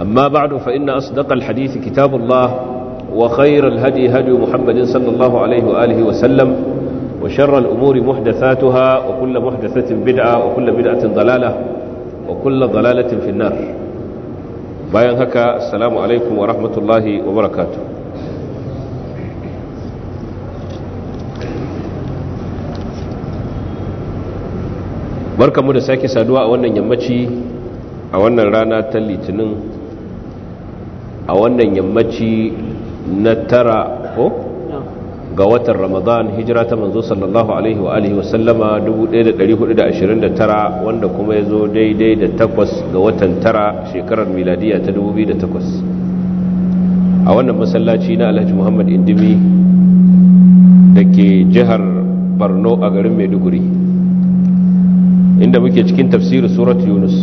أما بعد فإن أصدق الحديث كتاب الله وخير الهدي هدي محمد صلى الله عليه وآله وسلم وشر الأمور محدثاتها وكل محدثة بدعة وكل بدعة ضلالة وكل ضلالة في النار bayan haka assalamu alaikum wa rahmatullahi wa barakatu barkamu da sake saduwa a wannan yammaci a wannan rana ta litinin a wannan yammaci na tara ko ga watan ramadan hijira ta manzo sallallahu alaihi wa alihi wasallama 1429 wanda kuma ya zo daidai da takwas ga watan tara shekarar miladiya ta 2008 a wannan masallaci na alhaji muhammad indimi da ke jihar borno a garin maiduguri inda muke cikin tafsirin surat yunus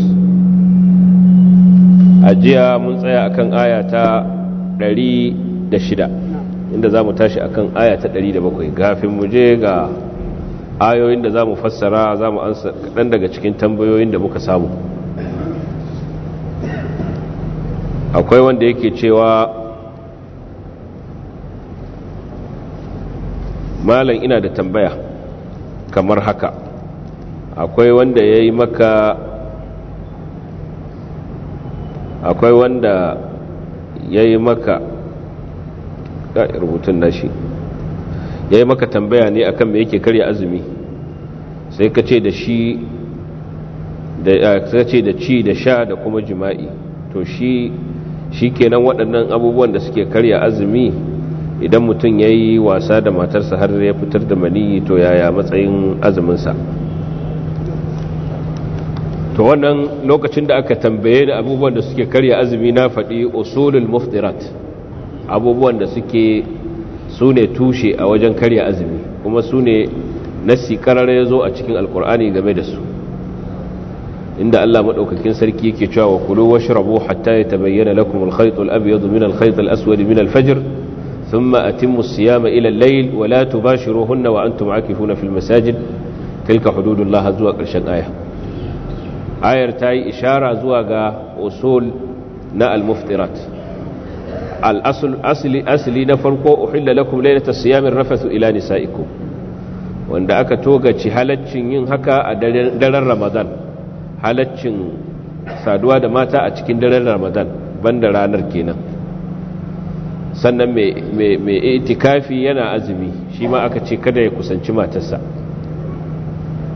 a jiya mun tsaya akan aya ta 106 inda za mu tashi akan aya ta 107 gafin mu je ga ayoyin da za mu fassara za mu ansa kaɗan daga cikin tambayoyin da muka samu akwai wanda yake cewa malam ina da tambaya kamar haka akwai wanda ya yi maka akwai wanda ya yi maka rubutun nashi ya yi maka tambaya ne akan me yake karya azumi sai ka ce da shi da ce da ci da sha da kuma jima'i to shi shi kenan waɗannan abubuwan da suke karya azumi idan mutum ya yi wasa da matarsa har ya fitar da maniyi to yaya matsayin azuminsa to wannan lokacin da aka tambaye ni abubuwan da suke karya azumi na faɗi usulul muftirat abubuwan da suke su ne tushe a wajen karya azumi kuma su ne karara ya zo a cikin alkur'ani game da su inda Allah madaukakin sarki yake cewa wa kulu washrabu hatta yatabayyana lakum al-khayt al min al-khayt min al thumma atimmu as-siyama ila al-layl wa la tubashiruhunna wa antum aakifuna fil masajid tilka hududullah zuwa ƙarshen aya ayar ta yi ishara zuwa ga usul na al-muftirat al-asli asli na farko uhilla lakum laylata siyamin rafathu ila nisaikum wanda aka togaci halaccin yin haka a daren ramadan halaccin saduwa da mata a cikin daren ramadan banda ranar kenan sannan mai itikafi yana azumi shi ma aka ce kada ya kusanci matarsa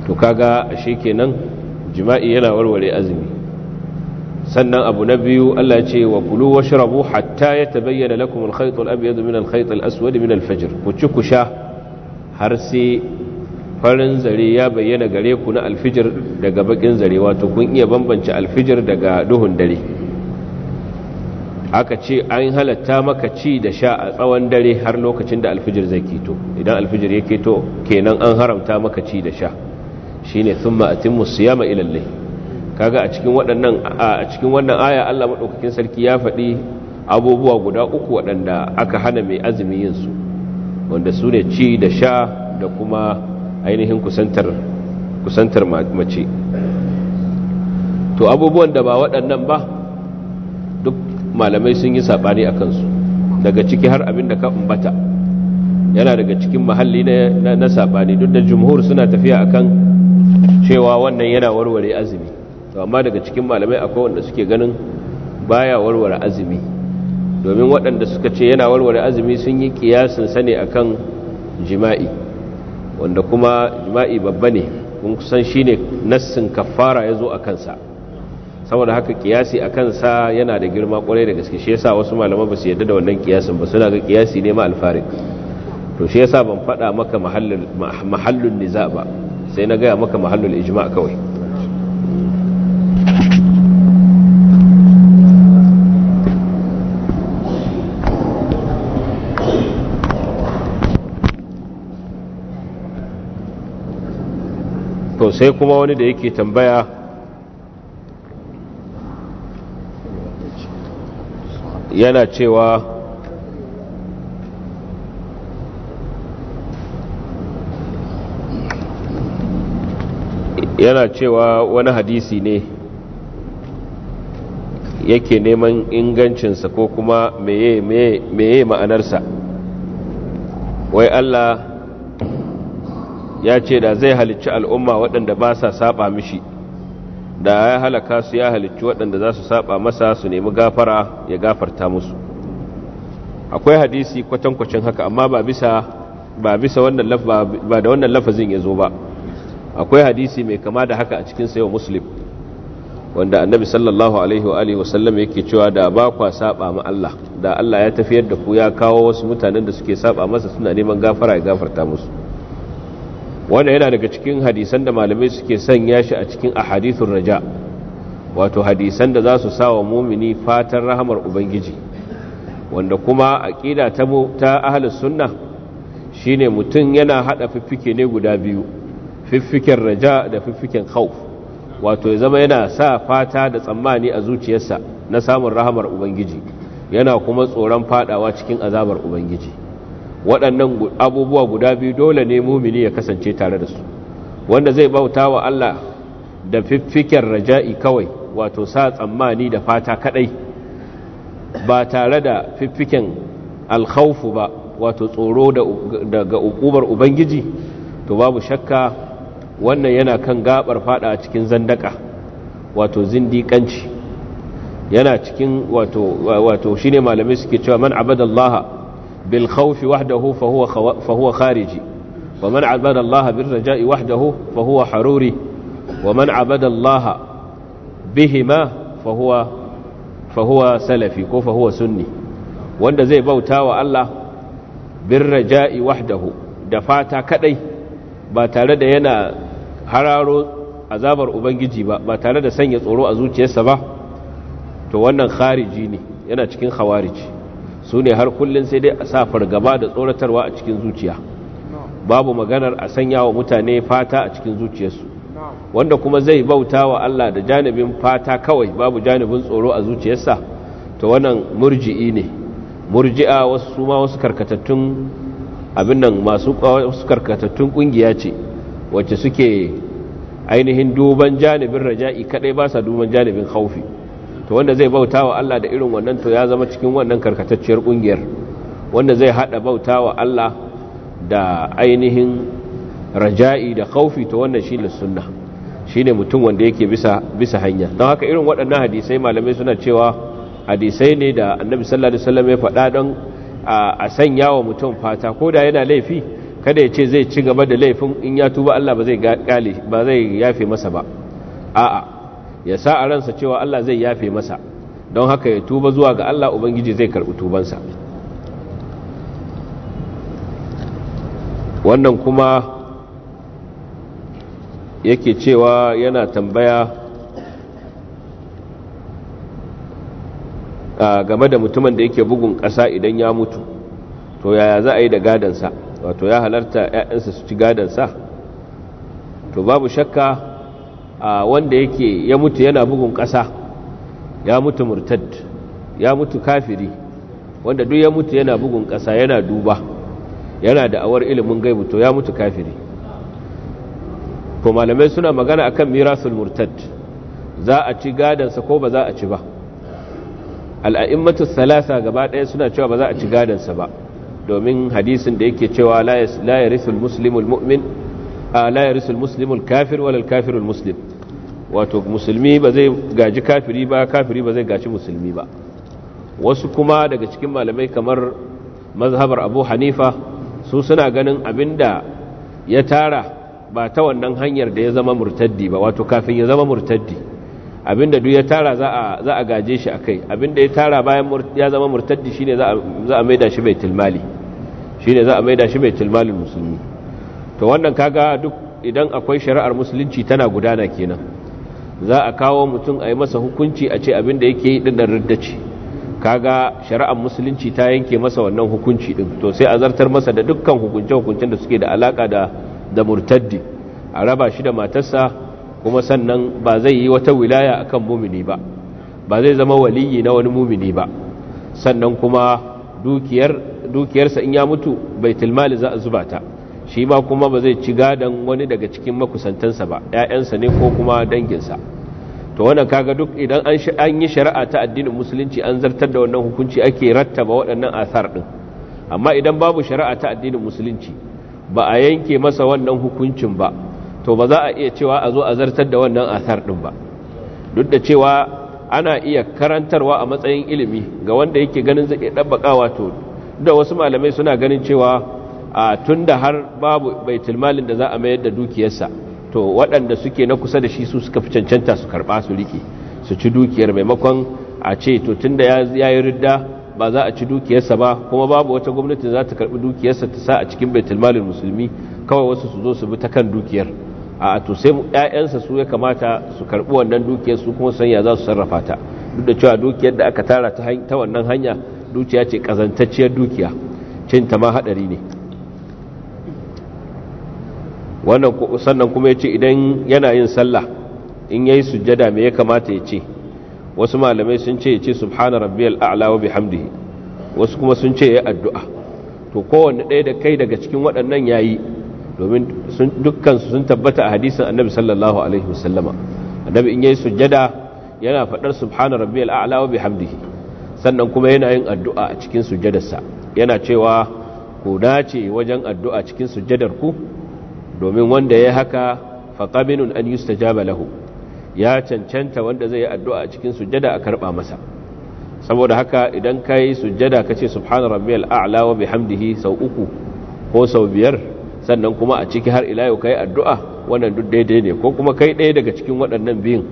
to kaga shi kenan jima'i yana warware azumi sannan abu na biyu Allah ce wa kulu washrabu hatta ya ta bayyana khayt al-abyad min al-khayt al ku ci ku sha har sai farin zare ya bayyana gare ku na alfijir daga bakin zare wato kun iya bambance alfijir daga duhun dare aka ce an halatta maka ci da sha a tsawon dare har lokacin da alfijir zai keto idan alfijir ya keto kenan an haramta maka ci da sha ne sun ma'atin siyama ila al kaga a cikin waɗannan a cikin wannan aya Allah maɗaukakin sarki ya faɗi abubuwa guda uku waɗanda aka hana mai azumi yinsu su wanda su ne ci da sha da kuma ainihin kusantar mace to abubuwan da ba waɗannan ba duk malamai sun yi saɓani a kansu daga ciki har abin da ka umbata yana daga cikin mahalli na saɓani duk da jumhur suna tafiya akan cewa wannan yana warware azumi to amma daga cikin malamai akwai wanda suke ganin baya warware azumi domin waɗanda suka ce yana warware azumi sun yi kiyasin sani akan jima'i wanda kuma jima'i babba ne kun san shine nassin kaffara yazo a kansa saboda haka kiyasi a sa yana da girma kwarai da gaske shi yasa wasu malamai ba su yarda da wannan kiyasin ba suna ga kiyasi ne ma alfarik to shi yasa ban faɗa maka mahallin niza ba sai na gaya maka mahallul ijma kawai to sai kuma wani da yake tambaya yana cewa yana cewa wani hadisi ne yake neman ingancinsa ko kuma meye ma'anarsa wai Allah ya ce da zai halicci al'umma waɗanda ba sa saba mishi da ya halaka su ya halicci waɗanda za su saba masa su nemi gafara ya gafarta musu akwai hadisi kwatankwacin haka amma ba bisa wannan ba da wannan lafazin ya zo ba akwai hadisi mai kama da haka a cikin sayo muslim wanda annabi sallallahu alaihi wa alihi wasallam yake cewa da ba kwa saba ma Allah da Allah ya tafiyar da ku ya kawo wasu mutanen da suke saba masa suna neman gafara ya gafarta musu wannan yana daga cikin hadisan da malamai suke sanya shi a cikin ahadithur raja wato hadisan da za su sa wa mumini fatan rahamar ubangiji wanda kuma aqida ta ta ahlus sunna shine mutum yana hada fiffike ne guda biyu fiffiken raja da fiffiken khawf wato ya zama yana sa fata da tsammani a zuciyarsa na samun rahamar ubangiji yana kuma tsoron fadawa cikin azabar ubangiji waɗannan abubuwa guda biyu dole ne mumini ya kasance tare da su wanda zai bauta wa Allah da fiffiken raja'i kawai wato sa tsammani da fata kadai ba tare da fiffiken alkhawfu ba wato tsoro daga ukubar ubangiji to babu shakka wannan yana kan gabar fada a cikin zandaka wato zindiƙanci yana cikin wato wato shine malamai suke cewa man abadallaha bil khawfi wahdahu fa huwa fa huwa khariji wa man abadallaha bir raja'i wahdahu fa huwa haruri wa man abadallaha bihima fa huwa fa huwa salafi ko fa huwa sunni wanda zai bauta wa Allah bir raja'i wahdahu da fata kadai ba tare da yana hararo azabar ubangiji ba ba tare da sanya tsoro a zuciyarsa ba to wannan khariji ne yana cikin khawariji su ne har kullun sai dai a sa fargaba da tsoratarwa a cikin zuciya babu maganar a sanya wa mutane fata a cikin zuciyarsu wanda kuma zai bauta wa Allah da janibin fata kawai babu janibin tsoro a zuciyarsa to wannan murji'i ne murji'a wasu ma wasu karkatattun abin nan masu karkatattun kungiya ce wacce suke ainihin duban janibin raja'i kadai ba sa duban janibin haufi to wanda zai bauta wa Allah da irin wannan to ya zama cikin wannan karkatacciyar kungiyar wanda zai hada bauta wa Allah da ainihin raja'i da haufi to wannan shi ne sunna shi ne mutum wanda yake bisa bisa hanya don haka irin waɗannan hadisai malamai suna cewa hadisai ne da annabi sallallahu alaihi wasallam ya faɗa don a sanya wa mutum fata ko da yana laifi kada ya ce zai ci gaba da laifin in ya tuba Allah ba zai kale ba zai yafe masa ba a'a ya sa a ransa cewa Allah zai yafe masa don haka ya tuba zuwa ga Allah ubangiji zai karbi tubansa wannan kuma yake cewa yana tambaya game da mutumin da yake bugun ƙasa idan ya mutu to yaya za a yi da gadansa wato ya halarta ‘ya'yansa su ci gadansa to babu shakka a wanda yake ya mutu yana bugun ƙasa ya mutu murtad ya mutu kafiri wanda duk ya mutu yana bugun ƙasa yana duba yana da awar ilimin gaibu to ya mutu kafiri to malamai suna magana akan mirasul murtad za a ci gadansa ko ba za a ci ba al'a'immatu salasa gaba ɗaya suna cewa ba za a ci gadansa ba domin hadisin da yake cewa la yarisul muslimul mu'min la yarisul muslimul kafir wala kafirul muslim wato musulmi ba zai gaji kafiri ba kafiri ba zai gaji musulmi ba wasu kuma daga cikin malamai kamar mazhabar Abu Hanifa su suna ganin abinda ya tara ba ta wannan hanyar da ya zama murtaddi ba wato kafin ya zama murtaddi abinda duk ya tara za a gaje shi a kai. abinda ya tara bayan ya zama murtaddi shine za a maida shi baitul mali shine za a maida shi baitul tilmalin musulmi to wannan kaga duk idan akwai shari'ar musulunci tana gudana kenan za a kawo mutum a yi masa hukunci a ce abinda yake yi din da ce kaga shari'ar musulunci ta yanke masa wannan hukunci din to sai a zartar masa da dukkan hukunce hukuncen da suke da alaka da da murtaddi a raba shi da matarsa kuma sannan ba zai yi wata wilaya a kan mumini ba ba zai zama waliyi na wani mumini ba sannan kuma dukiyarsa in ya mutu bai tilmali za a zuba ta shi ma kuma ba zai ci gadon wani daga cikin makusantansa ba 'ya'yansa ne ko kuma danginsa to wannan kaga duk idan an yi shari'a ta addinin musulunci an zartar da wannan hukunci ake rattaba waɗannan asar ɗin? amma idan babu shari'a ta addinin musulunci ba a yanke masa wannan hukuncin ba to ba za a iya cewa a zo a zartar da wannan asar ɗin ba duk da cewa ana iya karantarwa a matsayin ilimi ga wanda yake ganin zai dabbakawa to da wasu malamai suna ganin cewa a tunda har babu baitul malin da za a mayar da dukiyarsa to waɗanda suke na kusa da shi su suka fi cancanta su karɓa su riƙe su ci dukiyar maimakon a ce to tunda ya yi ridda ba za a ci dukiyarsa ba kuma babu wata gwamnati za ta karɓi dukiyarsa ta sa a cikin baitul musulmi kawai wasu su zo su bi ta kan dukiyar a to sai ƴaƴansa su ya kamata su karɓi wannan dukiyar su kuma sanya za su sarrafa ta duk da cewa dukiyar da aka tara ta wannan hanya dukiya ce kazantacciyar dukiya cin ta ma hadari ne wannan sannan kuma ya ce idan yana yin sallah in yayi sujjada me ya kamata ya ce wasu malamai sun ce ya ce subhana rabbiyal a'la wa bihamdihi wasu kuma sun ce ya addu'a to kowanne ɗaya da kai daga cikin waɗannan yayi domin dukkansu sun tabbata a hadisin annabi sallallahu alaihi wasallama annabi in yayi sujjada yana faɗar subhana rabbiyal a'la wa bihamdihi sannan kuma yana yin addu'a a cikin sujjadarsa yana cewa ku dace wajen addu'a cikin sujjadar ku domin wanda ya haka faqaminun an yustajaba lahu ya cancanta wanda zai yi addu'a a cikin sujjada a karba masa saboda haka idan kai sujjada kace subhana rabbiyal a'la wa bihamdihi sau uku ko sau biyar sannan kuma a ciki har ila yau kai addu'a wannan duk daidai ne ko kuma kai ɗaya daga cikin waɗannan biyun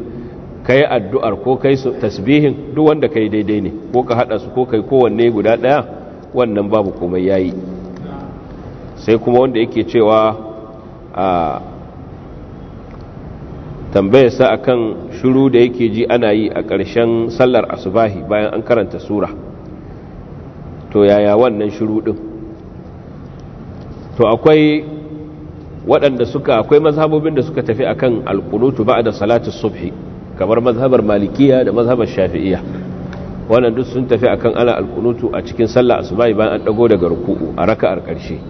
kai addu'ar ko kai tasbihin duk wanda kai daidai ne ko ka haɗa su ko kai kowanne guda ɗaya wannan babu komai yayi sai kuma wanda yake cewa a tambayar sa akan shiru da yake ji ana yi a ƙarshen sallar asubahi bayan an karanta sura to yaya wannan shiru din to akwai waɗanda suka akwai mazhabobin da suka tafi akan alkunutu a da salatu subhi kamar mazhabar malikiya da mazhabar shafi'iyya wannan duk sun tafi akan ala alkunutu a cikin sallah asubahi bayan an dago daga ruku'u a raka'ar ƙarshe.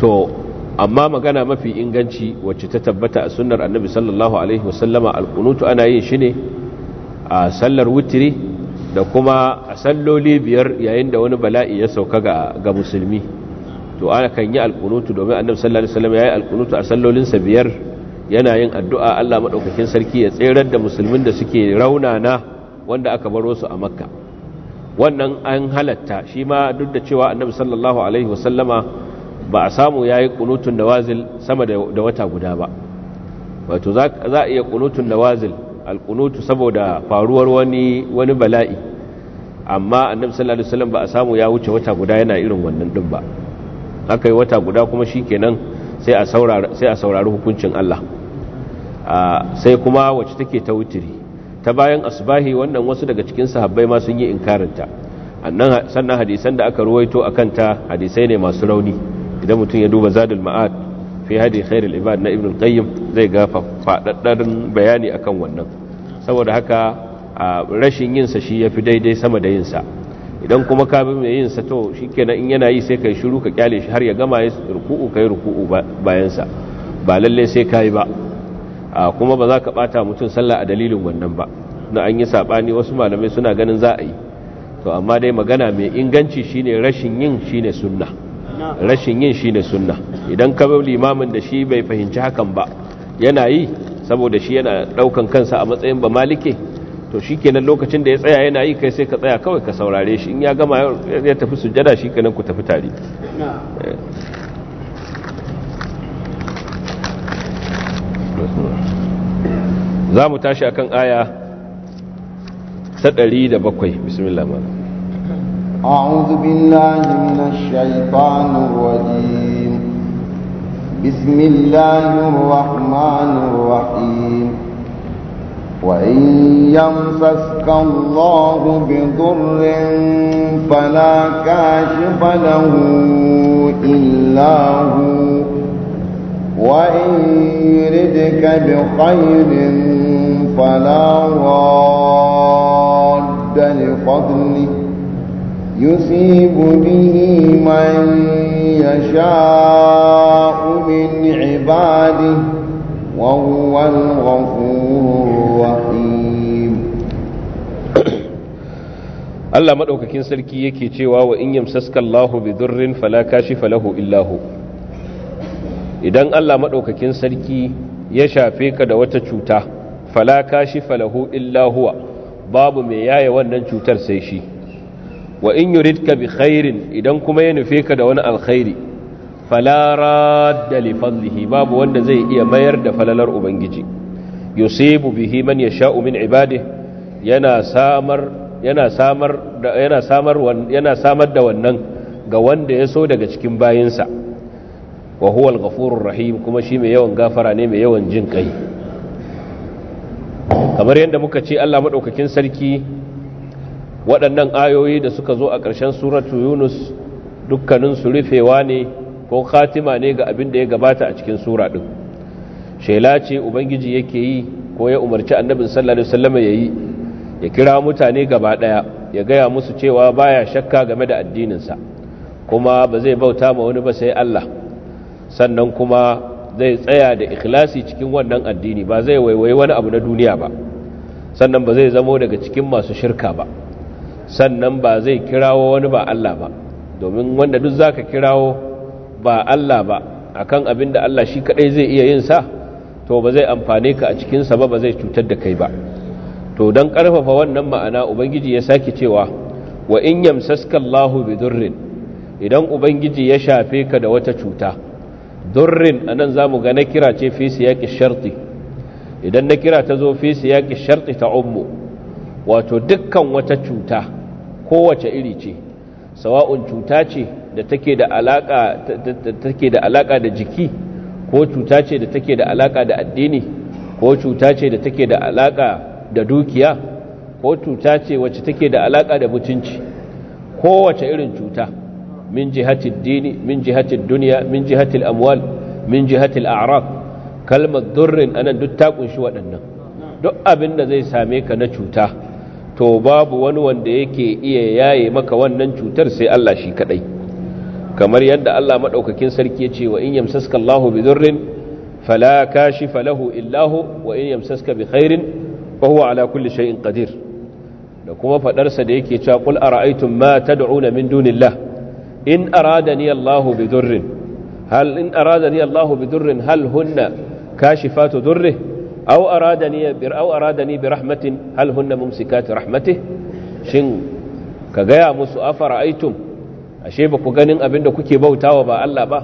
to amma magana mafi inganci wacce ta tabbata a sunnar annabi sallallahu alaihi wasallama alqunutu ana yin shi ne a sallar witiri. da kuma a salloli biyar yayin da wani bala'i ya sauka ga musulmi to ana kan yi alkunutu domin annabi sallallahu alaihi wasallam yi alkunutu a sallolinsa biyar yana yin addu'a Allah madaukakin sarki ya tserar da musulmin da suke raunana wanda aka baro su a makka wannan an halatta shi ma duk da cewa annabi sallallahu alaihi wasallama ba a samu yayi kunutun nawazil sama da wata guda ba wato za a iya kunutun nawazil alkunutu saboda faruwar wani wani bala'i amma annabi sallallahu alaihi wasallam ba a samu ya wuce wata guda yana irin wannan din ba aka yi wata guda kuma shikenan sai a saurari sai a saurari hukuncin Allah sai kuma wacce take ta wutiri ta bayan asbahi wannan wasu daga cikin sahabbai ma sun yi ta annan sannan hadisan da aka ruwaito akan ta hadisai ne masu rauni idan mutum ya duba zadul ma'ad fi hadi khairul ibad na ibn qayyim zai ga fadaddarin bayani akan wannan saboda haka rashin yin sa shi yafi daidai sama da yin sa idan kuma ka bi mai yin sa to shikenan in yana yi sai kai shiru ka kyale shi har ya gama ya ruku'u kai ruku'u bayan sa ba lalle sai kai ba kuma ba za ka bata mutum sallah a dalilin wannan ba na an yi sabani wasu malamai suna ganin za a yi to amma dai magana mai inganci shine rashin yin shine sunna rashin yin shi ne sunna idan ka bi limamin da shi bai fahimci hakan ba yana yi saboda shi yana daukan kansa a matsayin ba malike to shikenan lokacin da ya tsaya yana yi kai sai ka tsaya kawai ka saurare shi in ya gama ya tafi sujjada shikenan ku tafi tare za mu tashi akan aya ta 107 bismillah أعوذ بالله من الشيطان الرجيم بسم الله الرحمن الرحيم وإن يمسسك الله بضر فلا كاشف له إلا هو وإن يردك بخير فلا راد لفضله يصيب به من يشاء من عباده وهو الغفور الرحيم الله مدوكاkin sarki yake cewa wa in yamsaska Allahu fala kashifa lahu illa hu idan Allah madaukakin sarki ya shafe ka da wata cuta fala kashifa lahu illa babu mai yaya wannan cutar sai shi wa in yuridka bi khairin idan kuma ya nufe ka da wani alkhairi fala radda li fadlihi babu wanda zai iya mayar da falalar ubangiji yusibu bihi man yasha'u min ibadihi yana samar yana samar da yana samar yana samar da wannan ga wanda ya so daga cikin bayinsa wa huwa al-ghafurur rahim kuma shi mai yawan gafara ne mai yawan jin kai kamar yadda muka ce Allah madaukakin sarki waɗannan ayoyi da suka zo a ƙarshen suratu yunus su rufewa ne ko khatima ne ga abin da ya gabata a cikin sura ɗin shela ce ubangiji yake yi ko ya umarci annabin sallallahu alaihi ya ya kira mutane gaba ɗaya ya gaya musu cewa baya shakka game da addininsa kuma ba zai bauta ma wani ba sai Allah sannan kuma zai tsaya da ikhlasi cikin wannan addini ba zai waiwayi wani abu na duniya ba sannan ba zai zamo daga cikin masu shirka ba sannan ba zai kirawo wani ba Allah ba domin wanda duk zaka kirawo ba Allah ba akan abin da Allah shi kadai zai iya yin sa to ba zai amfane ka a cikin sa ba ba zai cutar da kai ba to dan karfafa wannan ma'ana ubangiji ya saki cewa wa in yamsaska bidurrin idan ubangiji ya shafe ka da wata cuta durrin anan zamu ga na kira ce fi siyaqi sharti idan na kira ta zo fi siyaqi sharti ta ummu wato dukkan wata cuta kowace iri ce sawa'un cuta ce da take da alaka take da alaka da jiki ko cuta ce da take da alaka da addini ko cuta ce da take da alaka da dukiya ko cuta ce wacce take da alaka da mutunci kowace irin cuta min jihati dini min jihati dunya min jihati al-amwal min jihati al-a'raq kalmar durrin anan duk ta kunshi waɗannan duk abin da zai same ka na cuta to babu wani wanda yake iya yaye maka wannan cutar sai Allah shi kadai kamar yadda Allah madaukakin sarki ya ce wa in yamsaska Allahu bi dhurrin fala kashifa lahu illa hu wa in yamsaska bi khairin fa huwa ala kulli shay'in qadir da kuma fadar sa da yake cewa qul ara'aytum ma tad'una min dunillah in aradani Allahu bi dhurrin hal in aradani Allahu bi dhurrin hal hunna kashifatu dhurrihi aw aradani bir aw aradani bi rahmatin hal hunna mumsikati rahmatih shin ka gaya musu afara'aitum ashe ba ku ganin abin da kuke bautawa ba Allah ba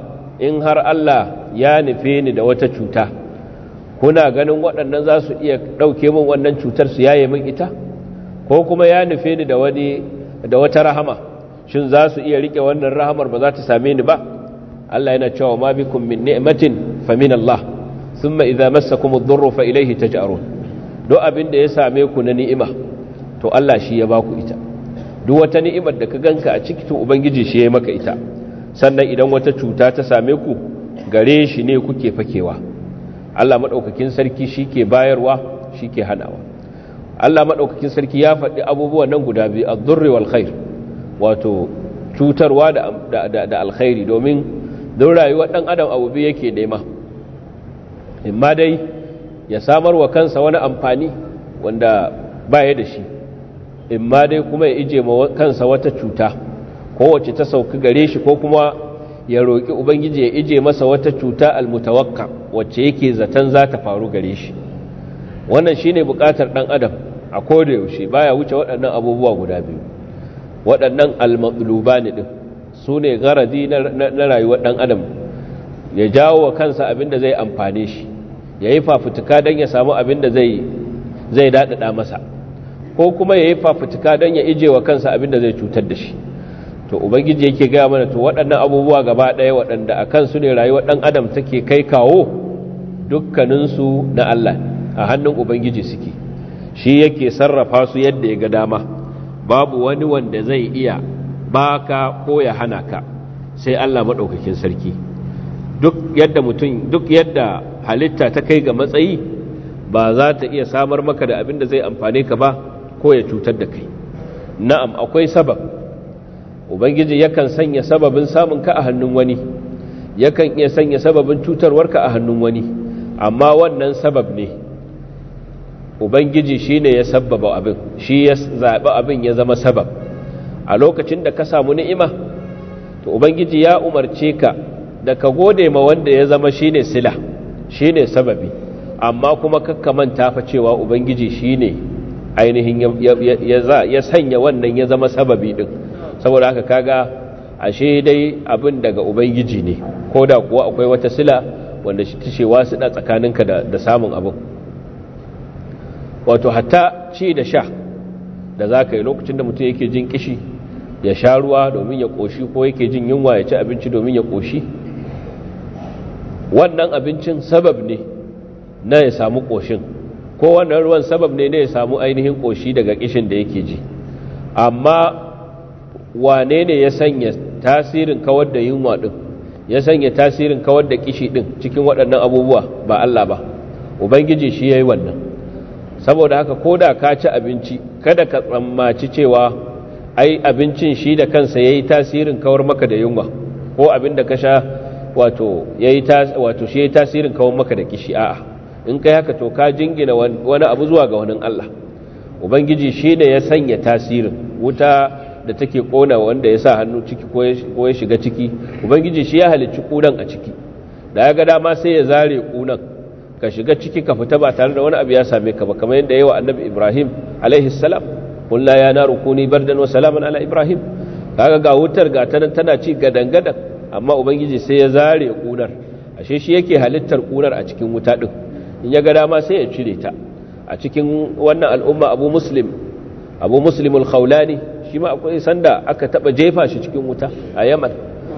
in har Allah ya nufe ni da wata cuta kuna ganin waɗannan za su iya ɗauke min wannan cutar su yaye min ita ko kuma ya nufe ni da wata rahama shin za su iya rike wannan rahamar ba za ta same ni ba Allah yana cewa ma bikum min ni'matin fa min Allah thumma iza masa ad-durru fa ta taj'arun duk abin da ya same ku na ni'ima to Allah shi ya baku ita duk wata ni'imar da ka ganka a ciki to ubangiji shi ya maka ita sannan idan wata cuta ta same ku gare shi ne kuke fakewa Allah madaukakin sarki shi ke bayarwa shi ke hanawa Allah madaukakin sarki ya faɗi abubuwan nan guda biyu ad-durri wal khair wato cutarwa da da, alkhairi domin don rayuwar dan adam abu biyu yake nema imma dai ya samar wa kansa wani amfani wanda baya da shi imma dai kuma ya ije ma kansa wata cuta kowace ta sauki gare shi ko kuma ya roƙi ubangiji ya ije masa wata cuta almutawakka wacce yake zaton za ta faru gare shi wannan shine buƙatar ɗan adam a koda yaushe baya wuce waɗannan abubuwa guda biyu waɗannan almatluba ne ɗin su ne garadi na rayuwar ɗan adam ya jawo wa kansa abin da zai amfane shi ya yi fafutuka don ya samu abin da zai daɗaɗa masa ko kuma ya yi fafutuka don ya ije wa kansa abin da zai cutar da shi to ubangiji yake gaya mana to waɗannan abubuwa gaba ɗaya waɗanda a kansu ne rayuwar ɗan adam take kai kawo dukkaninsu na Allah a hannun ubangiji suke shi yake sarrafa su yadda ya ga dama babu wani wanda zai iya baka ko ya hana ka sai Allah maɗaukakin sarki duk yadda mutum duk yadda halitta ta kai ga matsayi ba za ta iya samar maka da abin da zai amfane ka ba ko ya cutar da kai na'am akwai sabab ubangiji yakan sanya sababin samun ka a hannun wani yakan iya sanya sababin ka a hannun wani amma wannan sabab ne ubangiji shine ya sababa abin shi ya zaɓi abin ya zama sabab a lokacin da ka samu ni'ima to ubangiji ya umarce ka da ka gode ma wanda ya zama shine sila Shi ne sababi amma kuma kakkaman fa cewa ubangiji shi ne, ainihin ya sanya wannan ya zama sababi ɗin saboda haka kaga ashe dai abin daga ubangiji ne ko da kuwa akwai wata sila wanda shi tushe wasu da tsakaninka da samun abin wato hatta ci da sha da za ka yi lokacin da mutum yake jin kishi ya sha ruwa domin ya ƙoshi ko yake jin yunwa ya ci abinci domin ya ƙoshi wannan abincin sabab ne na ya samu ƙoshin ko wannan ruwan sabab ne na ya samu ainihin ƙoshi daga ƙishin da yake ji amma wane ne ya sanya tasirin kawar da yunwa ɗin ya sanya tasirin kawar da ƙishi ɗin cikin waɗannan abubuwa ba Allah ba ubangiji shi ya yi wannan saboda haka ko da ka ci abinci kada ka tsammaci cewa ai abincin shi da kansa ya yi tasirin kawar maka da yunwa ko abin da ka sha wato shi wato shi tasirin kawon maka da kishi a'a in kai haka to ka jingina wani abu zuwa ga wani Allah ubangiji shi ne ya sanya tasirin wuta da take kona wanda ya sa hannu ciki ko ya shiga ciki ubangiji shi ya halicci kunan a ciki da ya ga dama sai ya zare kunan ka shiga ciki ka fita ba tare da wani abu ya same ka ba kamar yadda yawa annabi Ibrahim alaihi salam kullu ya naru kuni bardan wa salaman ala Ibrahim kaga ga wutar ga tana ci gadan gadan amma ubangiji sai ya zare kunar ashe shi yake halittar kunar a cikin wuta din in ya ga dama sai ya cire ta a cikin wannan al'umma abu muslim abu muslimul khawlani shi ma akwai sanda aka taba jefa shi cikin wuta a yaman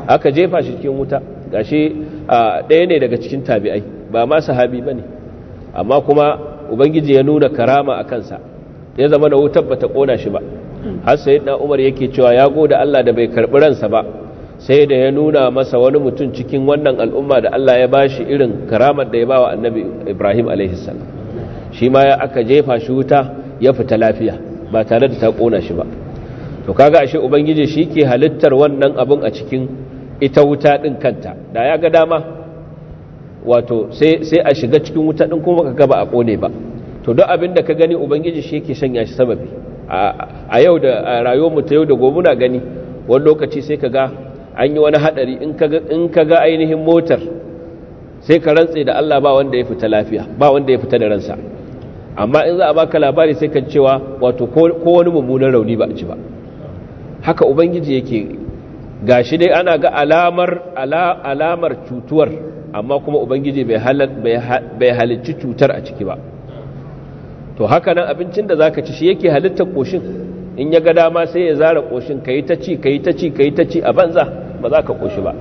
aka jefa shi cikin wuta gashi ɗaya ne daga cikin tabi'ai ba ma sahabi ba amma kuma ubangiji ya nuna karama a kansa ya zama da wutar ba ta kona shi ba har sai umar yake cewa ya gode allah da bai karbi ransa ba sai da ya nuna masa wani mutum cikin wannan al'umma da Allah ya ba shi irin karamar da ya bawa annabi Ibrahim alaihi salam shi ma aka jefa shi wuta ya fita lafiya ba tare da ta kona shi ba to kaga ashe ubangiji shi ke halittar wannan abun a cikin ita wuta din kanta da ya ga dama wato sai a shiga cikin wuta din kuma kaga ba a kone ba to duk abin da ka gani ubangiji shi yake sanya shi sababi a yau da rayuwar mu ta yau da gobe na gani wani lokaci sai ka ga an yi wani hadari in ka ga ainihin motar sai ka rantse da Allah ba wanda ya fita lafiya ba wanda ya fita da ransa amma in za a baka labari sai kan cewa wato ko wani mummunan rauni ba a ci ba haka ubangiji yake gashi dai ana ga alamar alamar cutuwar amma kuma ubangiji bai halicci cutar a ciki ba to haka nan abincin da zaka ci shi yake halittar koshin in ya ga dama sai ya zara ƙoshin ka yi ta ci ka yi ta ci ka yi ta ci a banza ba za ka ƙoshi ba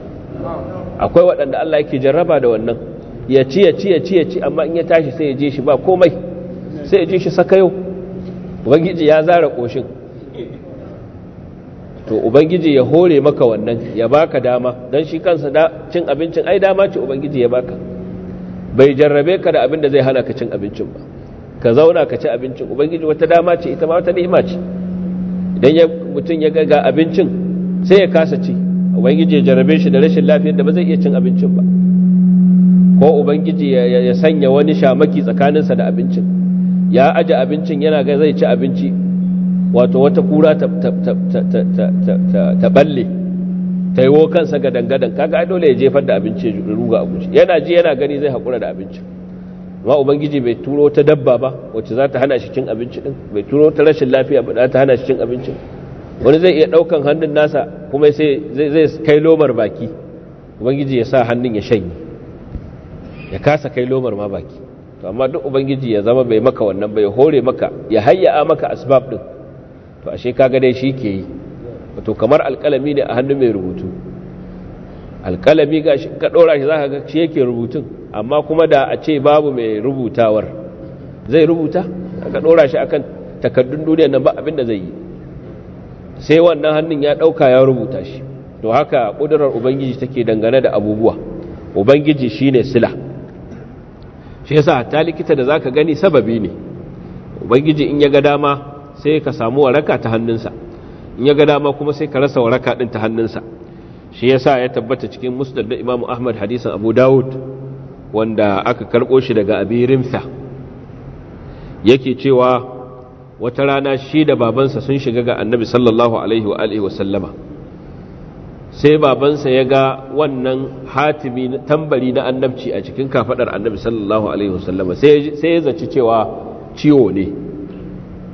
akwai waɗanda Allah yake jarraba da wannan ya ci ya ci ya ci ya ci amma in ya tashi sai ya je shi ba komai sai ya je shi saka yau. ubangiji ya zara ƙoshin. to ubangiji ya hore maka wannan ya baka dama don shi kansa da cin abincin ai dama ce ubangiji ya baka bai jarrabe ka da abin da zai hana ka cin abincin ba ka zauna ka ci abincin ubangiji wata dama ce ita ma wata ni'ima ce idan mutum ya ga abincin sai ya kasa ci ubangiji ya jarabe shi da rashin lafiyar da ba zai iya cin abincin ba ko ubangiji ya sanya wani shamaki tsakaninsa da abincin ya aje abincin yana ga zai ci abinci wato wata kura ta balle ta yi wo kansa dangadan kaga dole ya jefar da abinci ya ruga a guji yana ji yana gani zai haƙura da abincin ba ubangiji bai turo ta dabba ba wacce za ta hana shi cin abinci din bai turo ta rashin lafiya ba za ta hana shi cin abinci wani zai iya daukan hannun nasa kuma sai zai kai lomar baki ubangiji ya sa hannun ya shanye ya kasa kai lomar ma baki to amma duk ubangiji ya zama bai maka wannan bai hore maka ya hayya maka asbab din to ashe kaga dai shi ke yi to kamar alƙalami ne a hannun mai rubutu alkalami ka ɗora shi za ka ga shi yake rubutun amma kuma da a ce babu mai rubutawar zai rubuta ka ɗora shi akan takaddun duniya nan ba abin zai yi sai wannan hannun ya ɗauka ya rubuta shi to haka ƙudurar ubangiji take dangane da abubuwa ubangiji shi ne sila shi yasa ta likita da za ka gani sababi ne ubangiji in ya ga dama sai ka samu waraka ta hannunsa in ya ga dama kuma sai ka rasa waraka ɗin ta hannunsa shi yasa ya tabbata cikin musnad na Imam Ahmad hadisin Abu Dawud wanda aka karbo shi daga Abi Rimsa yake cewa wata rana shi da babansa sun shiga ga Annabi sallallahu alaihi wa alihi wa sallama sai babansa ya ga wannan hatimi tambari na annabci a cikin kafadar annabi sallallahu alaihi wasallama sai ya zaci cewa ciwo ne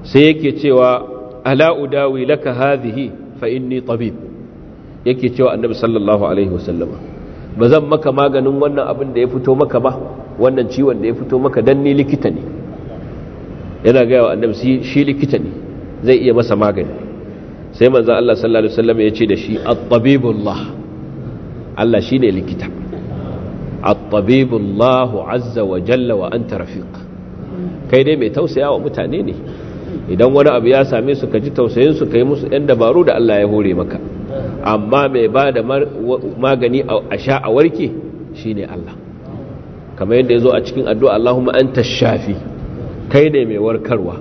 sai yake cewa ala udawi laka hadhihi fa inni tabib yake cewa annabi sallallahu alaihi wasallama ba zan maka maganin wannan abin da ya fito maka ba wannan ciwon da ya fito maka dan ni likita ne yana gaya wa annabi shi likita ne zai iya masa magani sai manzo Allah sallallahu alaihi wasallama ya ce da shi at-tabibullah Allah shine likita at-tabibullah azza wa jalla wa anta rafiq kai dai mai tausayawa mutane ne idan wani abu ya same su ka ji tausayin su kai musu yan dabaru da Allah ya hore maka amma mai ba da magani a sha a warke shi ne Allah kamar yadda ya zo a cikin addu'a Allahumma an ta shafi kai ne mai warkarwa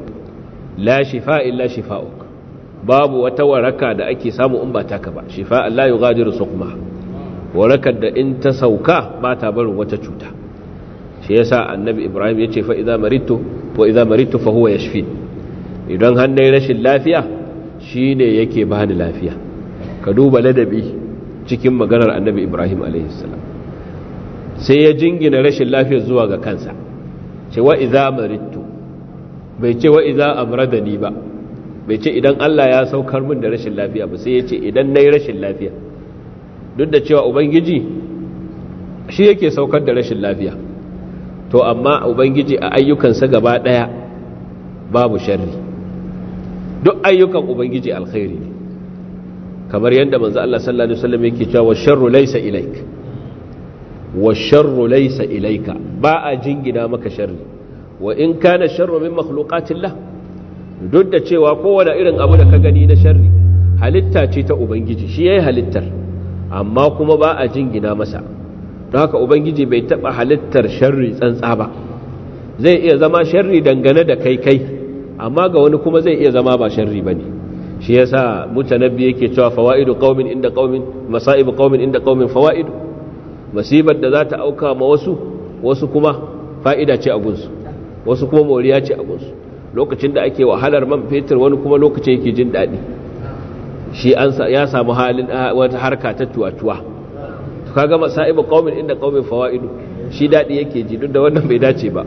la shifa illa shifa'uk babu wata waraka da ake samu in ba taka ba shifa Allah yi gajiru kuma. warakar da in ta sauka ba ta barin wata cuta shi ya sa annabi ibrahim ya ce fa idza maritu wa idza maritu fa huwa yashfin idan hannai rashin lafiya shine yake bani lafiya ka duba ladabi cikin maganar annabi ibrahim alaihissalam sai ya jingina rashin lafiyar zuwa ga kansa ce wa iza marittu bai ce wa iza amradani ba bai ce idan Allah ya saukar min da rashin lafiya ba sai ya ce idan na yi rashin lafiya duk da cewa ubangiji shi yake saukar da rashin lafiya to amma ubangiji a ayyukansa gaba daya babu sharri duk ayyukan ubangiji alkhairi ne kamar yadda manzo Allah sallallahu alaihi wasallam yake cewa sharru laysa ilaik wa sharru laysa ilaika ba a jingina maka sharri wa in kana sharru min makhluqatillah duk da cewa kowane irin abu da ka gani na sharri halitta ce ta ubangiji shi yayi halittar amma kuma ba a jingina masa don haka ubangiji bai taba halittar sharri tsantsa ba zai iya zama sharri dangane da kai kai amma ga wani kuma zai iya zama ba sharri bane shi yasa mutanabbi yake cewa fawaidu qaumin inda qaumin masaibu qaumin inda qaumin fawaidu masibar da za ta auka ma wasu wasu kuma fa'ida ce a gunsu wasu kuma moriya ce a gunsu lokacin da ake wahalar man fetur wani kuma lokacin yake jin dadi shi an ya samu halin wata harka ta tuwatuwa kaga masaibu qaumin inda qaumin fawaidu shi dadi yake ji duk da wannan bai dace ba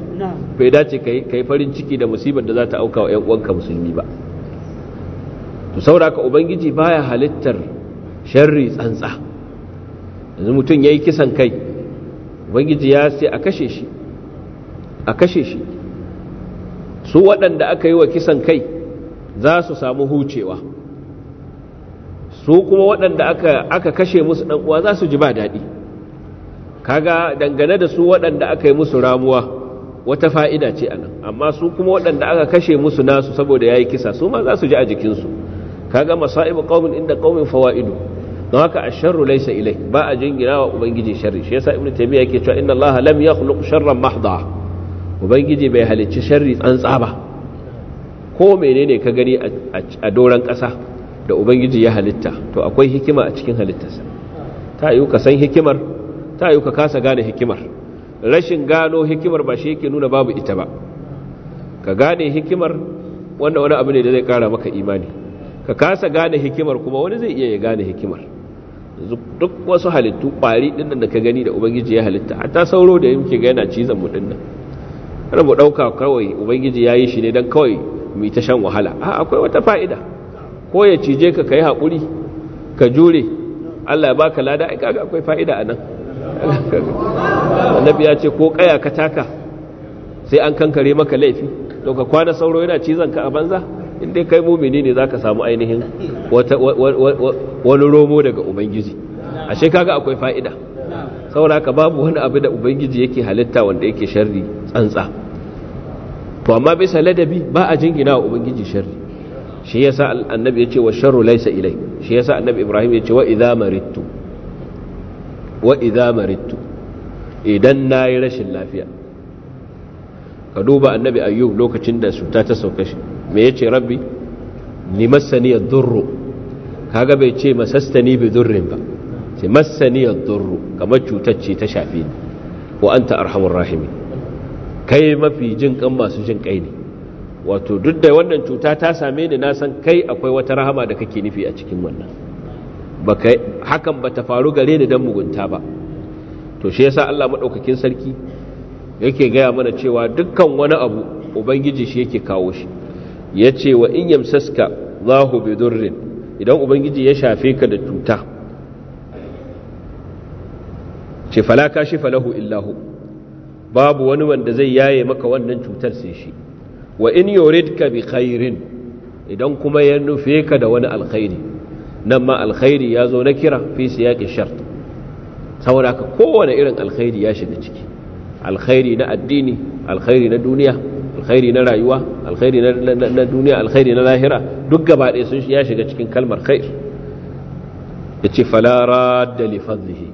bai dace kai farin ciki da musibar da za ta auka wa 'yan uwanka musulmi ba to sauraka ubangiji baya halittar sharri tsantsa yanzu mutum yayi kisan kai ubangiji ya sai a kashe shi a kashe shi su waɗanda aka yi wa kisan kai za su samu hucewa su kuma waɗanda aka, aka kashe musu uwa za su ji ba daɗi kaga dangane da su waɗanda aka yi musu ramuwa wata fa'ida ce a nan amma su kuma waɗanda aka kashe musu nasu saboda ya yi kisa su ma za su ji a jikinsu kaga masaibu qaumin inda qaumin fawaidu don haka asharru laysa ilai ba a jingina wa ubangiji sharri shi yasa ibnu taymiya yake cewa inna allaha lam yakhluq sharran mahda ubangiji bai halicci sharri tsantsa ba ko menene ka gani a doran kasa da ubangiji ya halitta to akwai hikima a cikin halittarsa ta yi ka san hikimar ta yi ka kasa gane hikimar rashin gano hikimar ba shi yake nuna babu ita ba ka gane hikimar wanda wani abu ne da zai kara maka imani ka kasa gane hikimar kuma wani zai iya ya gane hikimar duk wasu halittu ƙwari ɗinnan da ka gani da ubangiji ya halitta hatta sauro da yake ga yana cizon mu dinnan kada mu ɗauka kawai ubangiji ya yi shi ne don kawai mu ta shan wahala a akwai wata fa'ida ko ya cije ka ka yi hakuri ka jure Allah ya baka lada ai kaga akwai fa'ida anan annabi ya ce ko kaya ka taka sai an kankare maka laifi to ka kwana sauro yana cizon ka a banza inda kai mumini ne zaka samu ainihin wani romo daga ubangiji ashe kaga akwai fa'ida Saura haka babu wani abu da ubangiji yake halitta wanda yake shari tsantsa to amma bisa ladabi ba a jingina wa ubangiji shari shi sa annabi yace wa sharu laisa ilai shi sa annabi ibrahim yace wa idza maridtu wa idza maridtu idan yi rashin lafiya ka duba annabi ayyub lokacin da cuta ta sauka shi me yace rabbi ni masani kaga bai ce masastani bi durrin ba sai massani ad kamar cutacce ta shafe ni wa anta arhamur rahimi kai mafi jin kan masu jin kai ne wato duk da wannan cuta ta same ni na san kai akwai wata rahama da kake nufi a cikin wannan baka hakan ta faru gare ni dan mugunta ba to shi yasa Allah madaukakin sarki yake gaya mana cewa dukkan wani abu ubangiji shi yake kawo shi ya ce wa in yamsaska zahu bi durrin idan ubangiji ya shafe ka da cuta ce fala shi lahu illahu babu wani wanda zai yaye maka wannan cutar sai shi wa in yuridka bi khairin idan kuma ya nufe ka da wani alkhairi nan ma alkhairi ya zo na kira fi siyaqi shart saboda ka kowane irin alkhairi ya shiga ciki alkhairi na addini alkhairi na duniya alkhairi na rayuwa alkhairi na duniya alkhairi na lahira duk gaba ɗaya sun ya shiga cikin kalmar khair ya ce falara da lifazihi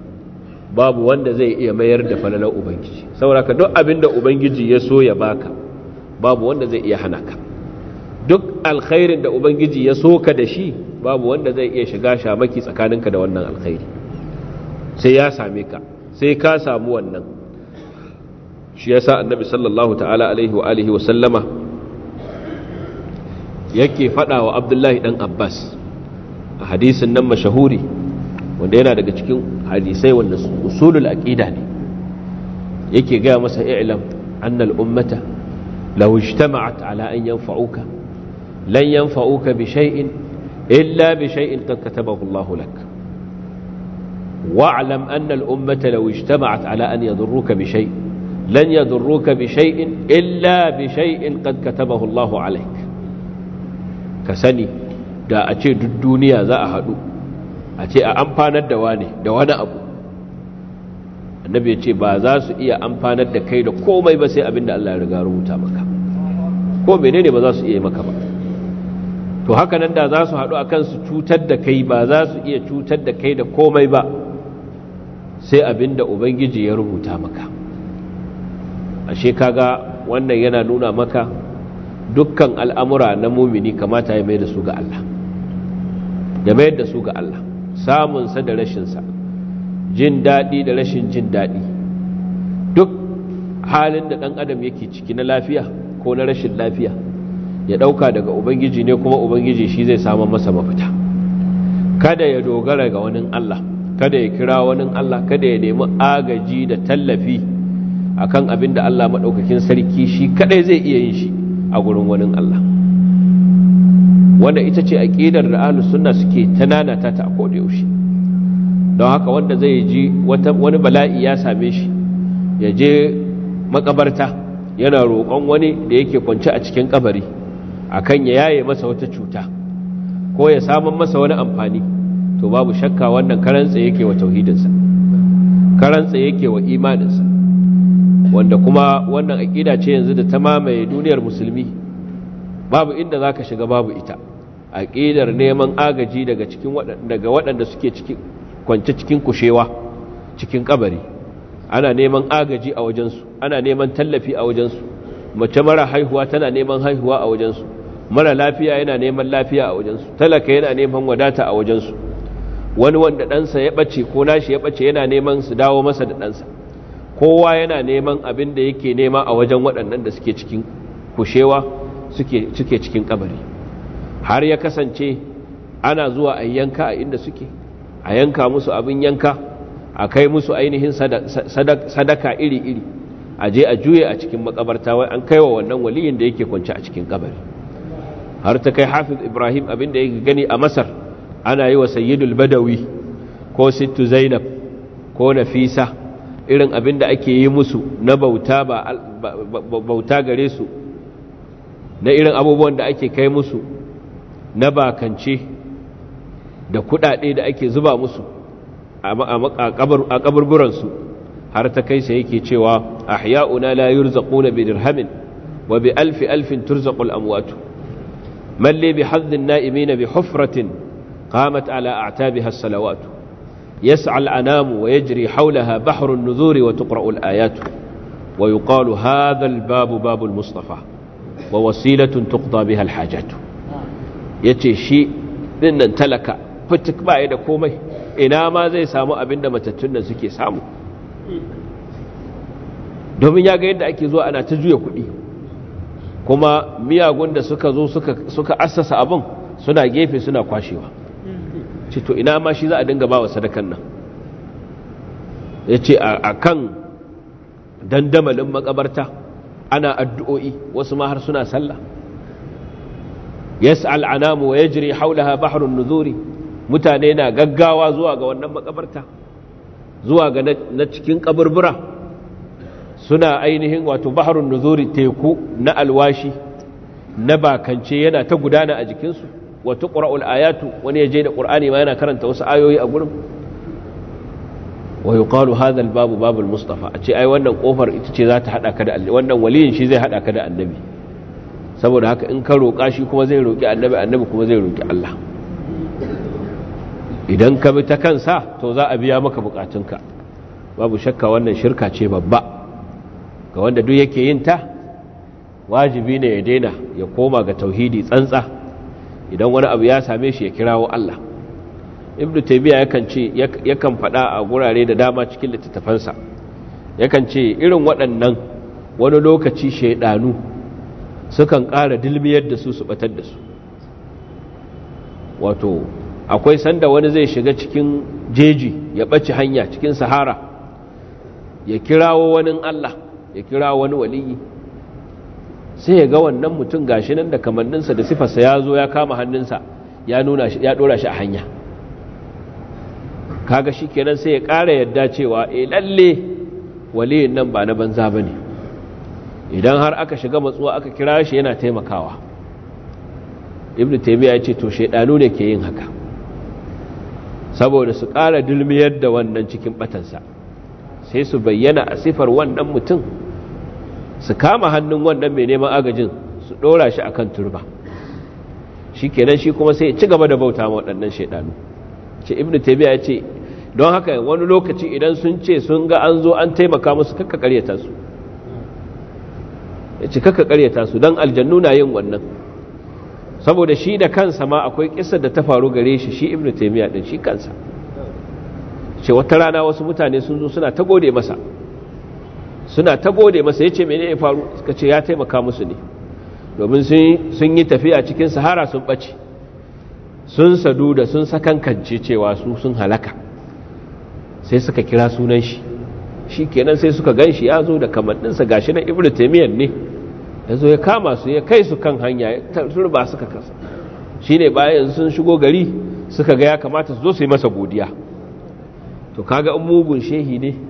babu wanda zai iya mayar da falalar ubangiji sauraka duk abin da ubangiji ya so ya baka babu wanda zai iya hana ka duk alkhairin da ubangiji ya so ka da shi babu wanda zai iya shiga shamaki tsakaninka da wannan alkhairi sai ya same ka sai ka samu wannan shi yasa annabi sallallahu ta'ala alaihi wa alihi wa sallama yake fada wa abdullahi dan abbas a hadisin nan mashahuri wanda yana daga cikin hadisai wanda usulul aqida ne yake gaya masa i'lam anna al ummata law ijtama'at ala an yanfa'uka lan yanfa'uka bi shay'in illa bi shay'in qad katabahu Allah lak wa'lam anna al ummata law ijtama'at ala an yadurruka bi shay'in lan yadurruka bi shay'in illa bi shay'in qad Allahu alayk ka sani da a ce duk duniya za a haɗu a ce amfanar da wane da wani abu annabi ya ce ba za su iya amfanar da kai da komai ba sai Allah ya rubuta maka ko menene ba za su iya maka ba to haka nan da za su haɗu a kansu cutar da kai ba za su iya cutar da kai da komai ba sai abin da ubangiji ya rubuta maka ashe kaga wannan yana nuna maka dukkan al'amura na mumini kamata ya mai da su ga Allah ya mai da su ga Allah samunsa da rashinsa jin daɗi da rashin jin daɗi duk halin da ɗan adam yake ciki na lafiya ko na rashin lafiya ya ɗauka daga ubangiji ne kuma ubangiji shi zai samun masa mafita kada ya dogara ga wani Allah kada ya kira wani Allah kada ya nemi agaji da tallafi akan abin da Allah maɗaukakin sarki shi kaɗai zai iya yin shi a gurin wani Allah wanda ita ce aƙidar da ahlus sunna suke tanana ta ta ko da yaushe don haka wanda zai ji wani bala'i ya same shi ya je makabarta yana roƙon wani da yake kwance a cikin kabari akan ya yaye masa wata cuta ko ya samun masa wani amfani to babu shakka wannan karantsa yake wa tauhidinsa karantsa yake wa imaninsa wanda kuma wannan aƙida ce yanzu da ta mamaye duniyar musulmi babu inda za ka shiga babu ita aƙidar neman agaji daga waɗanda suke kwance cikin kushewa cikin kabari ana neman agaji a wajensu ana neman tallafi a wajensu mace mara haihuwa tana neman haihuwa a wajensu mara lafiya yana neman lafiya a wajensu talaka yana neman wadata a wajensu wani wanda ɗansa ya ɓace ko nashi ya ɓace yana neman su dawo masa da ɗansa kowa yana neman abin da yake nema a wajen waɗannan da suke cikin kushewa suke cikin kabari har ya kasance ana zuwa a yanka a inda suke a yanka musu abin yanka a kai musu ainihin sadaka iri-iri a je a juye a cikin makabarta wai an kaiwa wannan waliyin da yake kwanci a cikin kabari har ta kai hafiz ibrahim abin da yake gani a masar ana yi wa sayyidul badawi ko sittu zainab ko nafisa irin abin da ake yi musu na bauta gare su na irin abubuwan da ake kai musu na bakance da kudade da ake zuba musu a kaburburansu har ta kai sai yake cewa ahya'una la yurzaquna bi dirhamin wa bi alfi alfin turzakul amwatu man li bi na an bi hufratin qamat ala a'tabiha as-salawat يسعى الأنام ويجري حولها بحر النذور وتقرأ الآيات ويقال هذا الباب باب المصطفى ووسيلة تقضى بها الحاجات يتي شيء لن انتلك فتكبع يدكومي إناما زي سامو أبن دمت التنزكي سامو domin ya ga yadda ake zuwa ana ta juya kuɗi kuma miyagun da suka zo suka asasa abin suna gefe suna ce to ina ma shi za a dinga ba wa sadakan nan ya ce a kan dandamalin makabarta ana addu'o'i wasu ma har suna sallah yas'al anamu wa yajri haulaha bahrun nuzuri mutane na gaggawa zuwa ga wannan makabarta zuwa ga na cikin kaburbura suna ainihin wato baharun nuzuri teku na alwashi na bakance yana ta gudana a jikinsu wa tuqra'ul ayatu wani yaje da qur'ani ma yana karanta wasu ayoyi a gurin wa yuqalu hadha al-babu babul mustafa a ce ai wannan kofar ita ce za ta hada ka da wannan waliyin shi zai hada ka da annabi saboda haka in ka roƙa shi kuma zai roƙi annabi annabi kuma zai roƙi Allah idan ka bi ta kansa to za a biya maka bukatunka babu shakka wannan shirka ce babba ga wanda duk yake yin ta wajibi ne ya daina ya koma ga tauhidi tsantsa idan wani abu ya same shi ya kirawo Allah ibnu taymiya yakan ce yakan faɗa a gurare da dama cikin littattafansa yakan ce irin waɗannan wani lokaci shaidanu sukan ƙara dilmiyar da su su batar da su wato akwai sanda wani zai shiga cikin jeji ya ɓace hanya cikin sahara ya kirawo wani Allah ya kirawo wani waliyi sai ya ga wannan mutum gashi nan da kamanninsa da sifarsa ya zo ya kama hannunsa ya nuna shi ya dora shi a hanya kaga shi kenan sai ya ƙara yadda cewa eh lalle waliyin nan ba na banza bane idan har aka shiga matsuwa aka kira shi yana taimakawa ibnu taymiya ya ce to shedanu ne ke yin haka saboda su ƙara dulmiyar da wannan cikin batansa sai su bayyana a sifar wannan mutum su kama hannun wannan mai neman agajin su ɗora shi a kan turba shi kenan shi kuma sai ci gaba da bauta ma waɗannan shaidanu ce ibn tabiya ya ce don haka wani lokaci idan sun ce sun ga an zo an taimaka musu kakka karyata su ya ce don aljannu na yin wannan saboda shi da kansa ma akwai kisar da ta faru gare shi shi ibn tabiya din shi kansa ce wata rana wasu mutane sun zo suna ta gode masa suna ta gode masa ya ce mene ya faru suka ce ya taimaka musu ne domin sun yi tafiya cikin sahara sun ɓace sun sadu da sun sakankance cewa su sun halaka sai suka kira sunan shi shi kenan sai suka gan shi ya zo da kamanninsa gashi na ibn taimiyar ne ya zo ya kama su ya kai su kan hanya ya ba suka kasa shi ne bayan sun shigo gari suka ga ya kamata su zo su yi masa godiya to kaga mugun shehi ne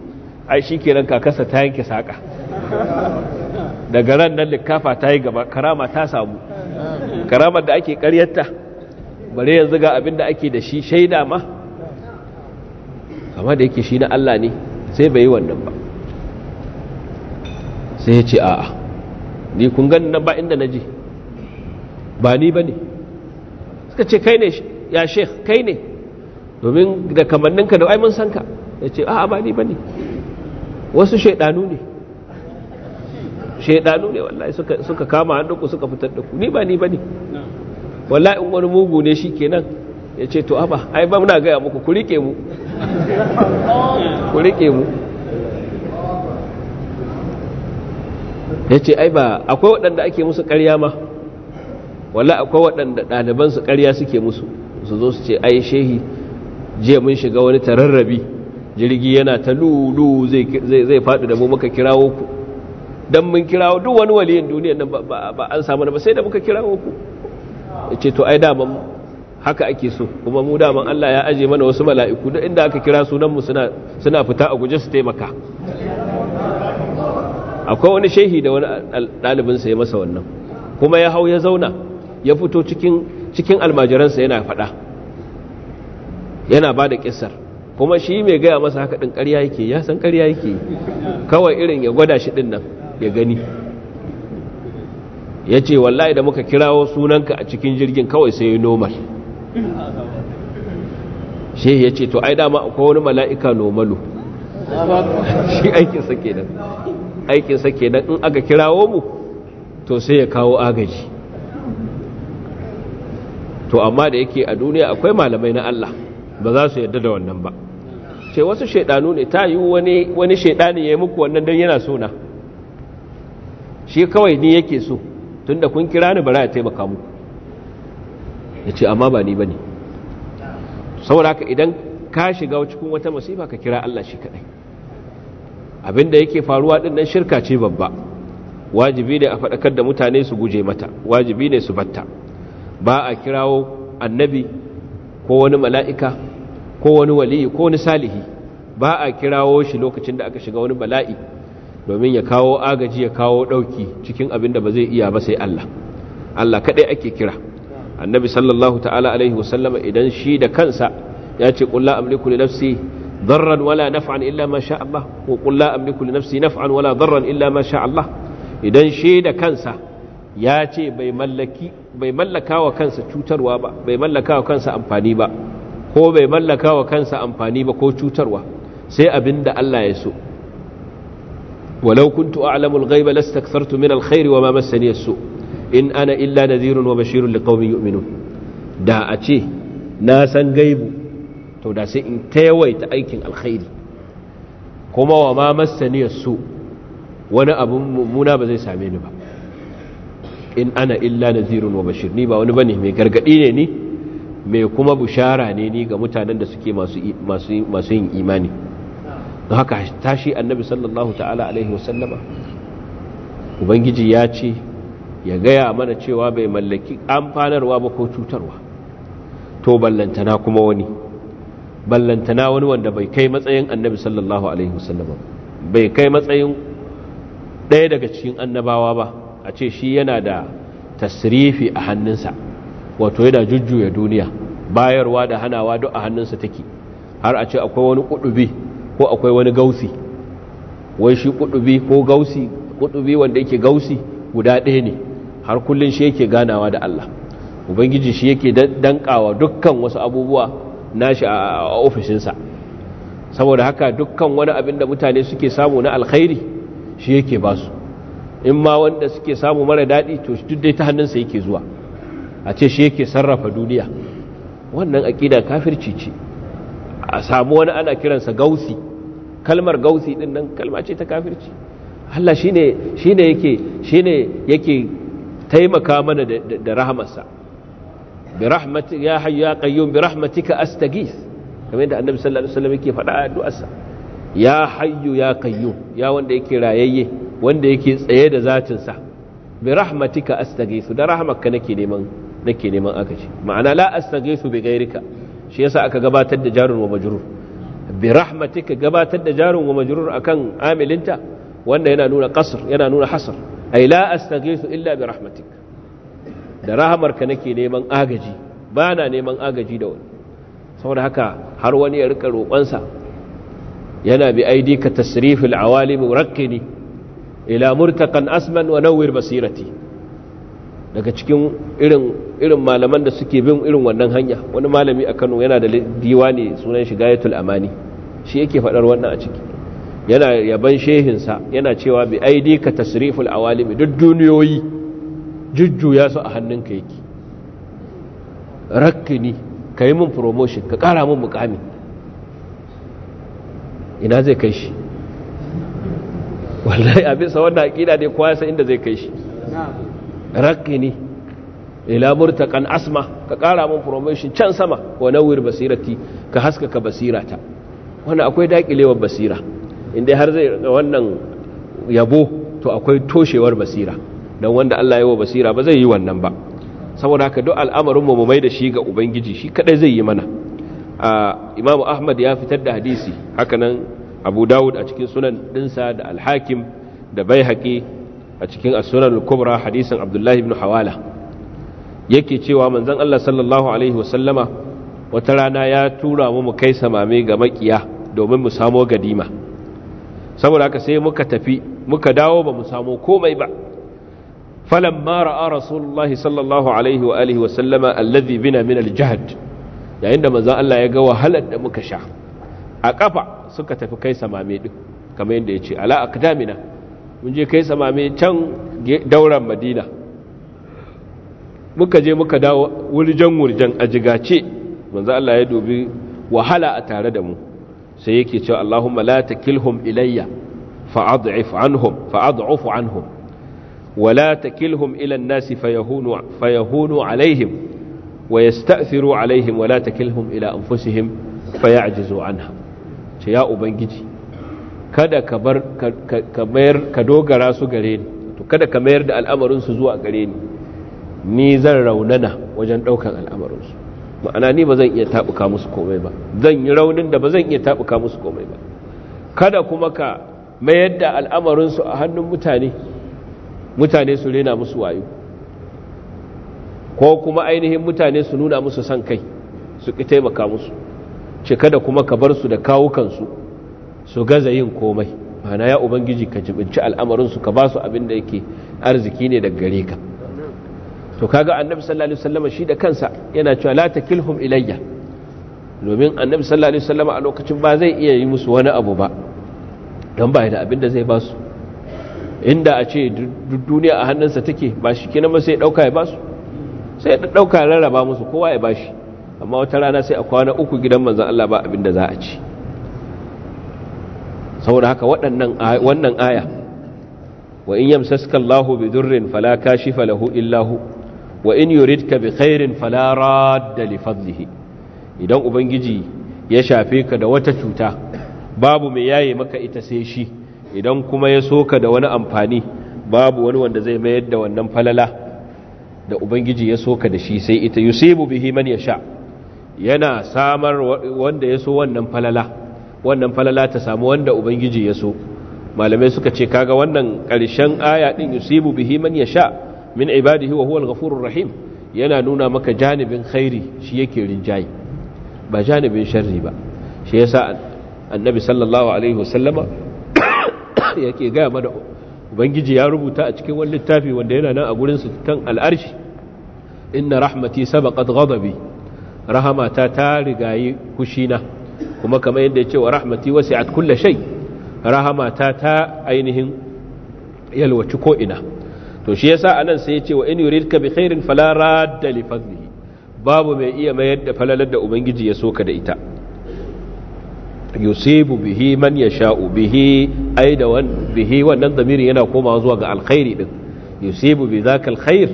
ai shi kenan kakarsa ta yanke saƙa daga ran nan likafa ta yi gaba karama ta samu karamar da ake karyarta bare yanzu ga abin da ake da shi shaida ma amma da yake shi na Allah ne sai bai yi wannan ba sai ya ce a'a ni kun gani na ba inda na ji ba ni ba ne suka ce kai ne ya sheikh kai ne domin da kamanninka da ai mun san ya ce a'a ba ni ba ne wasu shaidanu ne shaidanu ne wallahi suka kama hannunku suka fitar da ku ni ba ni ba ne wallahi in wani mugu ne shi kenan ya ce to haba ai ba muna gaya muku ku rike mu ku rike mu ya ce ai ba akwai waɗanda ake musu ƙarya ma wala akwai waɗanda su ƙarya suke musu su zo su ce ai shehi jiya mun shiga wani tararrabi jirgi yana ta lulu zai faɗi da mu muka kirawo ku don mun kirawo duk wani waliyin duniya nan ba an samu da ba sai da muka kirawo ku ce to ai daman haka ake so kuma mu daman Allah ya ajiye mana wasu mala'iku da inda aka kira sunanmu suna fita a guje su taimaka akwai wani shehi da wani ɗalibinsa ya masa wannan kuma ya hau ya zauna ya fito cikin almajiransa yana faɗa yana ba da ƙisar kuma shi mai gaya masa haka ɗin ƙarya yake ya san ƙarya yake kawai irin ya gwada shi ɗin nan ya gani ya ce wallahi da muka kirawo sunanka a cikin jirgin kawai sai yi nomal. shi ya ce to ai dama akwai wani mala'ika nomalu shi aikinsa kenan aikinsa nan in aka kirawo mu to sai ya kawo agaji to amma da yake a duniya akwai malamai na Allah ba za su yadda da wannan ba ce wasu shaidanu ne ta yi wani shaiɗa shaidani ya yi muku wannan don yana suna shi kawai ni yake so tunda kun kira ni bara ya taimaka muku ya ce amma ba ni ba ne saboda ka idan ka shiga cikin wata masifa ka kira Allah shi kadai abinda yake faruwa din nan shirka ce babba wajibi ne a faɗakar da mutane su guje mata wajibi ne su batta ba a kirawo annabi ko wani mala'ika ko wani waliyi ko wani salihi ba a kirawo shi lokacin da aka shiga wani bala'i domin ya kawo agaji ya kawo ɗauki cikin abin da ba zai iya ba sai Allah Allah kaɗai ake kira annabi sallallahu ta'ala alaihi wasallama idan shi da kansa ya ce ƙulla amliku li nafsi darran wala naf'an illa ma sha Allah ko ƙulla amliku li nafsi naf'an wala darran illa ma sha Allah idan shi da kansa ya ce bai mallaki bai mallaka wa kansa cutarwa ba bai mallaka wa kansa amfani ba ko bai mallaka wa kansa amfani ba ko cutarwa sai abin da Allah ya so walau kuntu a'lamul ghaiba lastakthartu min alkhairi wama ma massani as in ana illa nadhirun wa bashirun liqaumin yu'minun da a ce na san gaibu to da sai in tayawaita aikin alkhairi kuma wama ma massani as wani abun mummuna ba zai same ni ba in ana illa nadhirun wa bashir ni ba wani bane mai gargadi ne ni mai kuma bushara ne ni ga mutanen da suke masu yin imani don haka tashi annabi sallallahu ta'ala alaihi wasallama ubangiji ya ce ya gaya mana cewa bai mallaki amfanarwa ba ko cutarwa to ballantana kuma wani ballantana wani wanda bai kai matsayin annabi sallallahu alaihi wasallama bai kai matsayin ɗaya daga cikin annabawa ba a ce shi yana da tasrifi a hannunsa wato yana jujjuya duniya bayarwa da hanawa duk a hannunsa take har a ce akwai wani kudubi ko akwai wani gausi wai shi kudubi ko gausi kudubi wanda yake gausi guda ɗaya ne har kullun shi yake ganawa da Allah ubangiji shi yake dankawa dukkan wasu abubuwa nashi a ofishinsa saboda haka dukkan wani abin da mutane suke samu na alkhairi shi yake su, in ma wanda suke samu mara daɗi to duk dai ta hannunsa yake zuwa a ce shi yake sarrafa duniya wannan aƙida kafirci ce a samu wani ana kiransa gausi kalmar gausi din nan kalma ce ta kafirci Allah shine shine yake shine yake taimaka mana da rahamarsa bi rahmati ya hayyu ya qayyum bi rahmatika astagis kamar yadda annabi sallallahu alaihi wasallam yake faɗa a du'arsa ya hayyu ya qayyum ya wanda yake rayayye wanda yake tsaye da zatin sa bi rahmatika astagis da rahmarka nake neman nake neman agaji ma'ana la astaghisu bi ghayrika shi yasa aka gabatar da jarun wa majrur bi rahmatika gabatar da jarun wa majrur akan amilinta wanda yana nuna qasr yana nuna hasr ay la astaghisu illa bi rahmatik da rahamarka nake neman agaji bana neman agaji da wani saboda haka har wani ya rika roƙonsa yana bi aidika tasrifil awalimu raqqini ila murtaqan asman wa nawwir basirati daga cikin irin malaman da suke bin irin wannan hanya wani malami a Kano yana da diwa ne sunan shi Gayatul Amani shi yake faɗar wannan a ciki yana yaban shehinsa yana cewa bi aidi ka tasriful awalimi duk duniyoyi jujjuya su a hannunka yake rakkini ka yi min promotion ka ƙara min mukami ina zai kai shi wallahi abin sa wannan aƙida ne kowa san inda zai kai shi ilamur ta murtaqan asma ka ƙara min promotion can sama wa nawwir basirati ka haskaka basirata wannan akwai daƙilewar basira inda har zai wannan yabo to akwai toshewar basira Don wanda Allah ya wa basira ba zai yi wannan ba saboda haka duk al'amarin mu mai da shi ga ubangiji shi kadai zai yi mana imamu ahmad ya fitar da hadisi hakanan abu dawud a cikin sunan dinsa da alhakim da baihaqi a cikin as kubra hadisin abdullahi ibn hawala yake cewa manzon Allah sallallahu alaihi wasallama wata rana ya tura mu mu kai samame ga makiya domin mu samo gadima saboda haka sai muka tafi muka dawo ba mu samo komai ba falamma ra'a rasulullahi sallallahu alaihi wa alihi wa sallama bina min al yayin da manzon Allah ya ga wahalar da muka sha a kafa suka tafi kai samame din kamar yadda ya ce ala aqdamina mun je kai samame can dauran madina muka je muka dawo wurjan wurjan a jigace manzo Allah ya dubi wahala a tare da mu sai yake cewa Allahumma la takilhum ilayya fa'ad'if anhum fa'ad'ufu anhum ولا تكلهم إلى الناس فيهونوا, فيهونوا عليهم ويستأثروا عليهم ولا تكلهم إلى أنفسهم فيعجزوا عنها ya ubangiji. kada ka bar ka mayar ka dogara su gare ni to kada ka mayar da al'amarin su zuwa gare ni ni zan raunana wajen daukan al'amarin su ma'ana ni ba zan iya tabuka musu komai ba zan yi raunin da ba zan iya tabuka musu komai ba kada kuma ka mayar da al'amarin su a hannun mutane mutane su rena musu wayo ko kuma ainihin mutane su nuna musu san kai su kitaimaka taimaka musu ce kada kuma ka bar su da kawukan su. su gaza yin komai mana ya ubangiji ka jibinci al'amarinsu ka ba su abin da yake arziki ne daga gare ka to kaga annabi sallallahu alaihi wasallam shi da kansa yana cewa la takilhum ilayya domin annabi sallallahu alaihi wasallam a lokacin ba zai iya yi musu wani abu ba don ba da abin da zai ba su inda a ce duniya a hannunsa take ba shi kenan ba sai ya dauka ya ba su sai ya dauka rarraba musu kowa ya ba shi amma wata rana sai a kwana uku gidan manzon Allah ba abin da za a ci saboda haka waɗannan wannan aya wa in yamsaska Allahu bi durrin fala kashifa lahu illa hu wa in yuridka bi khairin fala radda li fadlihi idan ubangiji ya shafe ka da wata cuta babu mai yaye maka ita sai shi idan kuma ya soka da wani amfani babu wani wanda zai mayar da wannan falala da ubangiji ya soka da shi sai ita yusibu bihi man yasha yana samar wanda ya so wannan falala wannan falala ta samu wanda ubangiji ya so malamai suka ce kaga wannan ƙarshen aya din yusibu bihi man sha min ibadihi wa huwal ghafurur rahim yana nuna maka janibin khairi shi yake rinjayi ba janibin sharri ba shi yasa annabi sallallahu alaihi wasallama yake ga mana ubangiji ya rubuta a cikin wani littafi wanda yana nan a gurin su kan al'arshi inna rahmati sabaqat ghadabi rahamata ta rigayi kushina kuma kamar yadda ya ce wa rahmati wasi'at kulli shay rahama ta ainihin yalwaci ko ina to shi yasa anan sai ya ce wa in yuridka bi khairin fala radda li babu mai iya mayar da falalar da ubangiji ya soka da ita yusibu bihi man yasha'u bihi ai bihi wannan zamiri yana komawa zuwa ga alkhairi din yusibu bi ka alkhair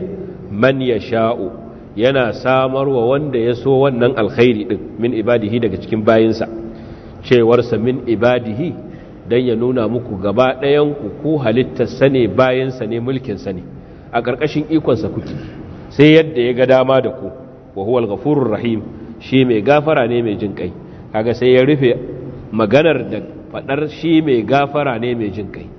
man sha'u. yana samarwa wanda ya so wannan alkhairi din min ibadihi daga cikin bayinsa cewarsa min ibadihi don ya nuna muku gaba ɗayanku ku halittarsa sane bayansa ne mulkinsa ne a ƙarƙashin ikonsa kuke sai yadda ya ga dama da ku wa huwal ghafurur rahim shi mai gafara ne mai jin kai kaga sai ya rufe maganar da faɗar shi mai gafara ne mai jin kai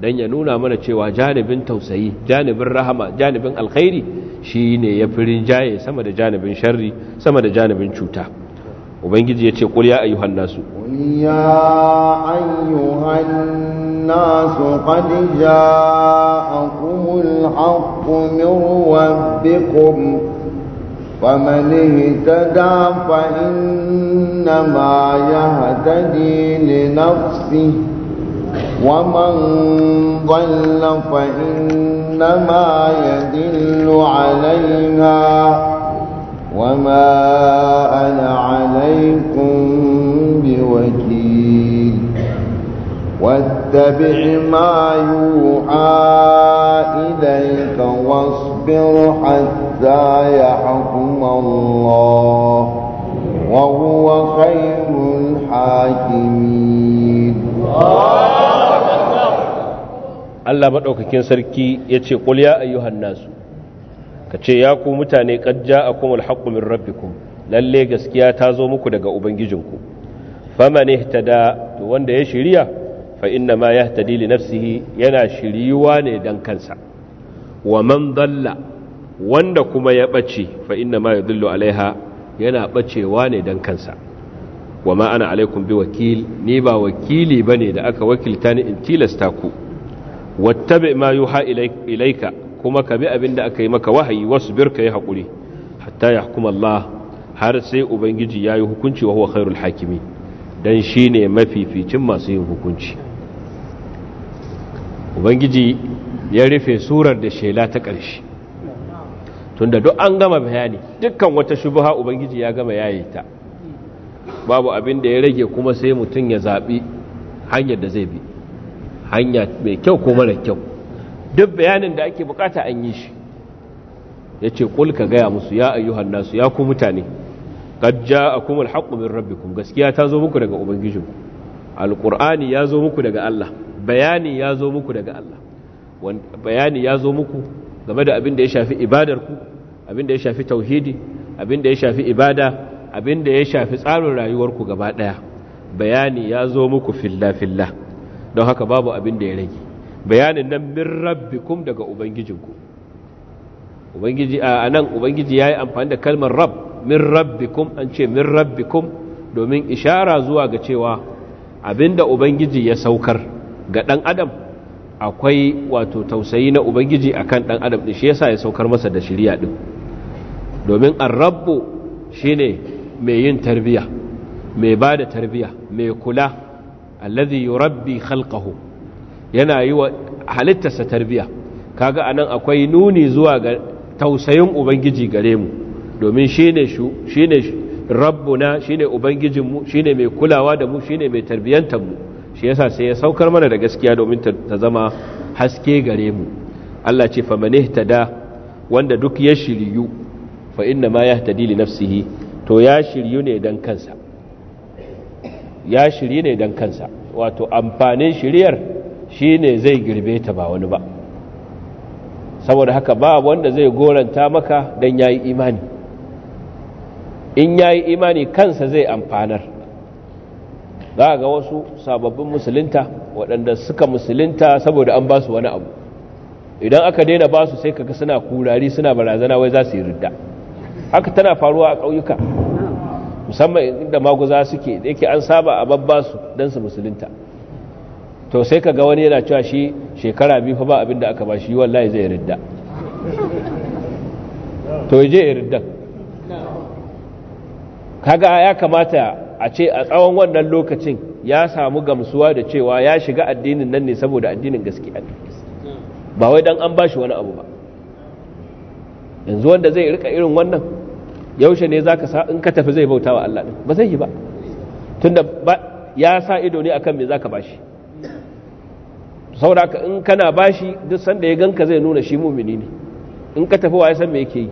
don ya nuna mana cewa janibin tausayi janibin rahama janibin alkhairi shi ne ya fi rinjaye sama da janibin sharri sama da janibin cuta ubangiji ya ce ƙulya ayyuhan nasu a ayyuhan nasu ƙadi ja'akumul ta min rabbikum ma ya فإنما na nafsi. ومن ضل فإنما يدل عليها وما أنا عليكم بوكيل واتبع ما يوحى إليك واصبر حتى يحكم الله وهو خير الحاكمين Allah maɗaukakin sarki ya ce ƙul ya ayyuhan nasu ka ce ya ku mutane ƙajja a kuma alhaƙumin min rabbikum lalle gaskiya ta zo muku daga ubangijinku ta da to wanda ya shirya fa inna ma ya ta dili nafsihi yana shiriyuwa ne dan kansa wa man dalla wanda kuma ya ɓace fa inna ma ya yadullu alaiha yana ɓacewa ne don kansa wa ma ana alaikum bi wakil ni ba wakili bane da aka wakilta ni in tilasta ku wattabi ma ha ilaika kuma ka bi abin da aka yi maka wahayi wasu birka yi haƙuri hatta yahkum Allah har sai ubangiji yayi hukunci wa huwa khairul hakimi dan shine mafificin masu yin hukunci ubangiji ya rufe surar da shela ta ƙarshe tunda duk an gama bayani dukkan wata shubha ubangiji ya gama yayi ta babu abin da ya rage kuma sai mutum ya zabi hanyar da zai bi hanya mai kyau ko mara kyau duk bayanin da ake bukata an yi shi ya ce ka gaya musu ya ayyuhan nasu ya ku mutane kajja a kuma haqqu min gaskiya ta zo muku daga ubangijinku Alƙur'ani ya zo muku daga Allah bayani ya zo muku daga Allah bayani ya zo muku game da abin da ya shafi ibadarku abin da ya shafi tauhidi abin da ya shafi ibada abin da ya shafi tsarin rayuwarku gaba ɗaya bayani ya zo muku filla filla don haka babu abin da ya rage bayanin nan min rabbikum daga ubangijinku ubangiji a nan ubangiji yayi amfani da kalmar rabb min rabbikum an ce min rabbikum domin ishara zuwa ga cewa abinda ubangiji ya saukar ga ɗan adam akwai wato tausayi na ubangiji akan ɗan adam din shi yasa ya saukar masa da shirya ɗin. domin ar-rabbu shine mai yin tarbiya mai bada tarbiya mai kula alladhi yurabbi khalqahu yana yi wa halittarsa tarbiya kaga anan akwai nuni zuwa ga tausayin ubangiji gare mu domin shine shu shine rabbuna shine ubangijinmu shine mai kulawa da mu shine mai tarbiyantar mu shi yasa sai ya saukar mana da gaskiya domin ta zama haske gare mu Allah ce fa manihtada wanda duk ya shiryu fa inna ma yahtadi li nafsihi to ya shiryu ne dan kansa ya shiri ne don kansa wato amfanin shiriyar shi ne zai girbe ta ba wani ba saboda haka ba wanda zai goranta maka don ya yi imani in ya yi imani kansa zai amfanar za a ga wasu sababbin musulunta waɗanda suka musulunta saboda an ba su wani abu idan aka daina ba su sai kaga suna kurari suna barazana wai za su yi ridda haka tana faruwa a ƙauyuka musamman inda maguza suke yake an saba a babba su don su musulunta to sai ka ga wani yana cewa shi shekara biyu fa ba abin da aka ba shi wallahi zai ridda to je ya ridda kaga ya kamata a ce a tsawon wannan lokacin ya samu gamsuwa da cewa ya shiga addinin nan ne saboda addinin gaskiya ba wai dan an bashi wani abu ba yanzu wanda zai rika irin wannan yaushe ne za ka sa in ka tafi zai bauta wa Allah ba zai yi ba tun da ya sa ido ne akan me za ka bashi saboda in kana bashi duk sanda ya ganka zai nuna shi mumini ne in ka tafi wa ya san me yake yi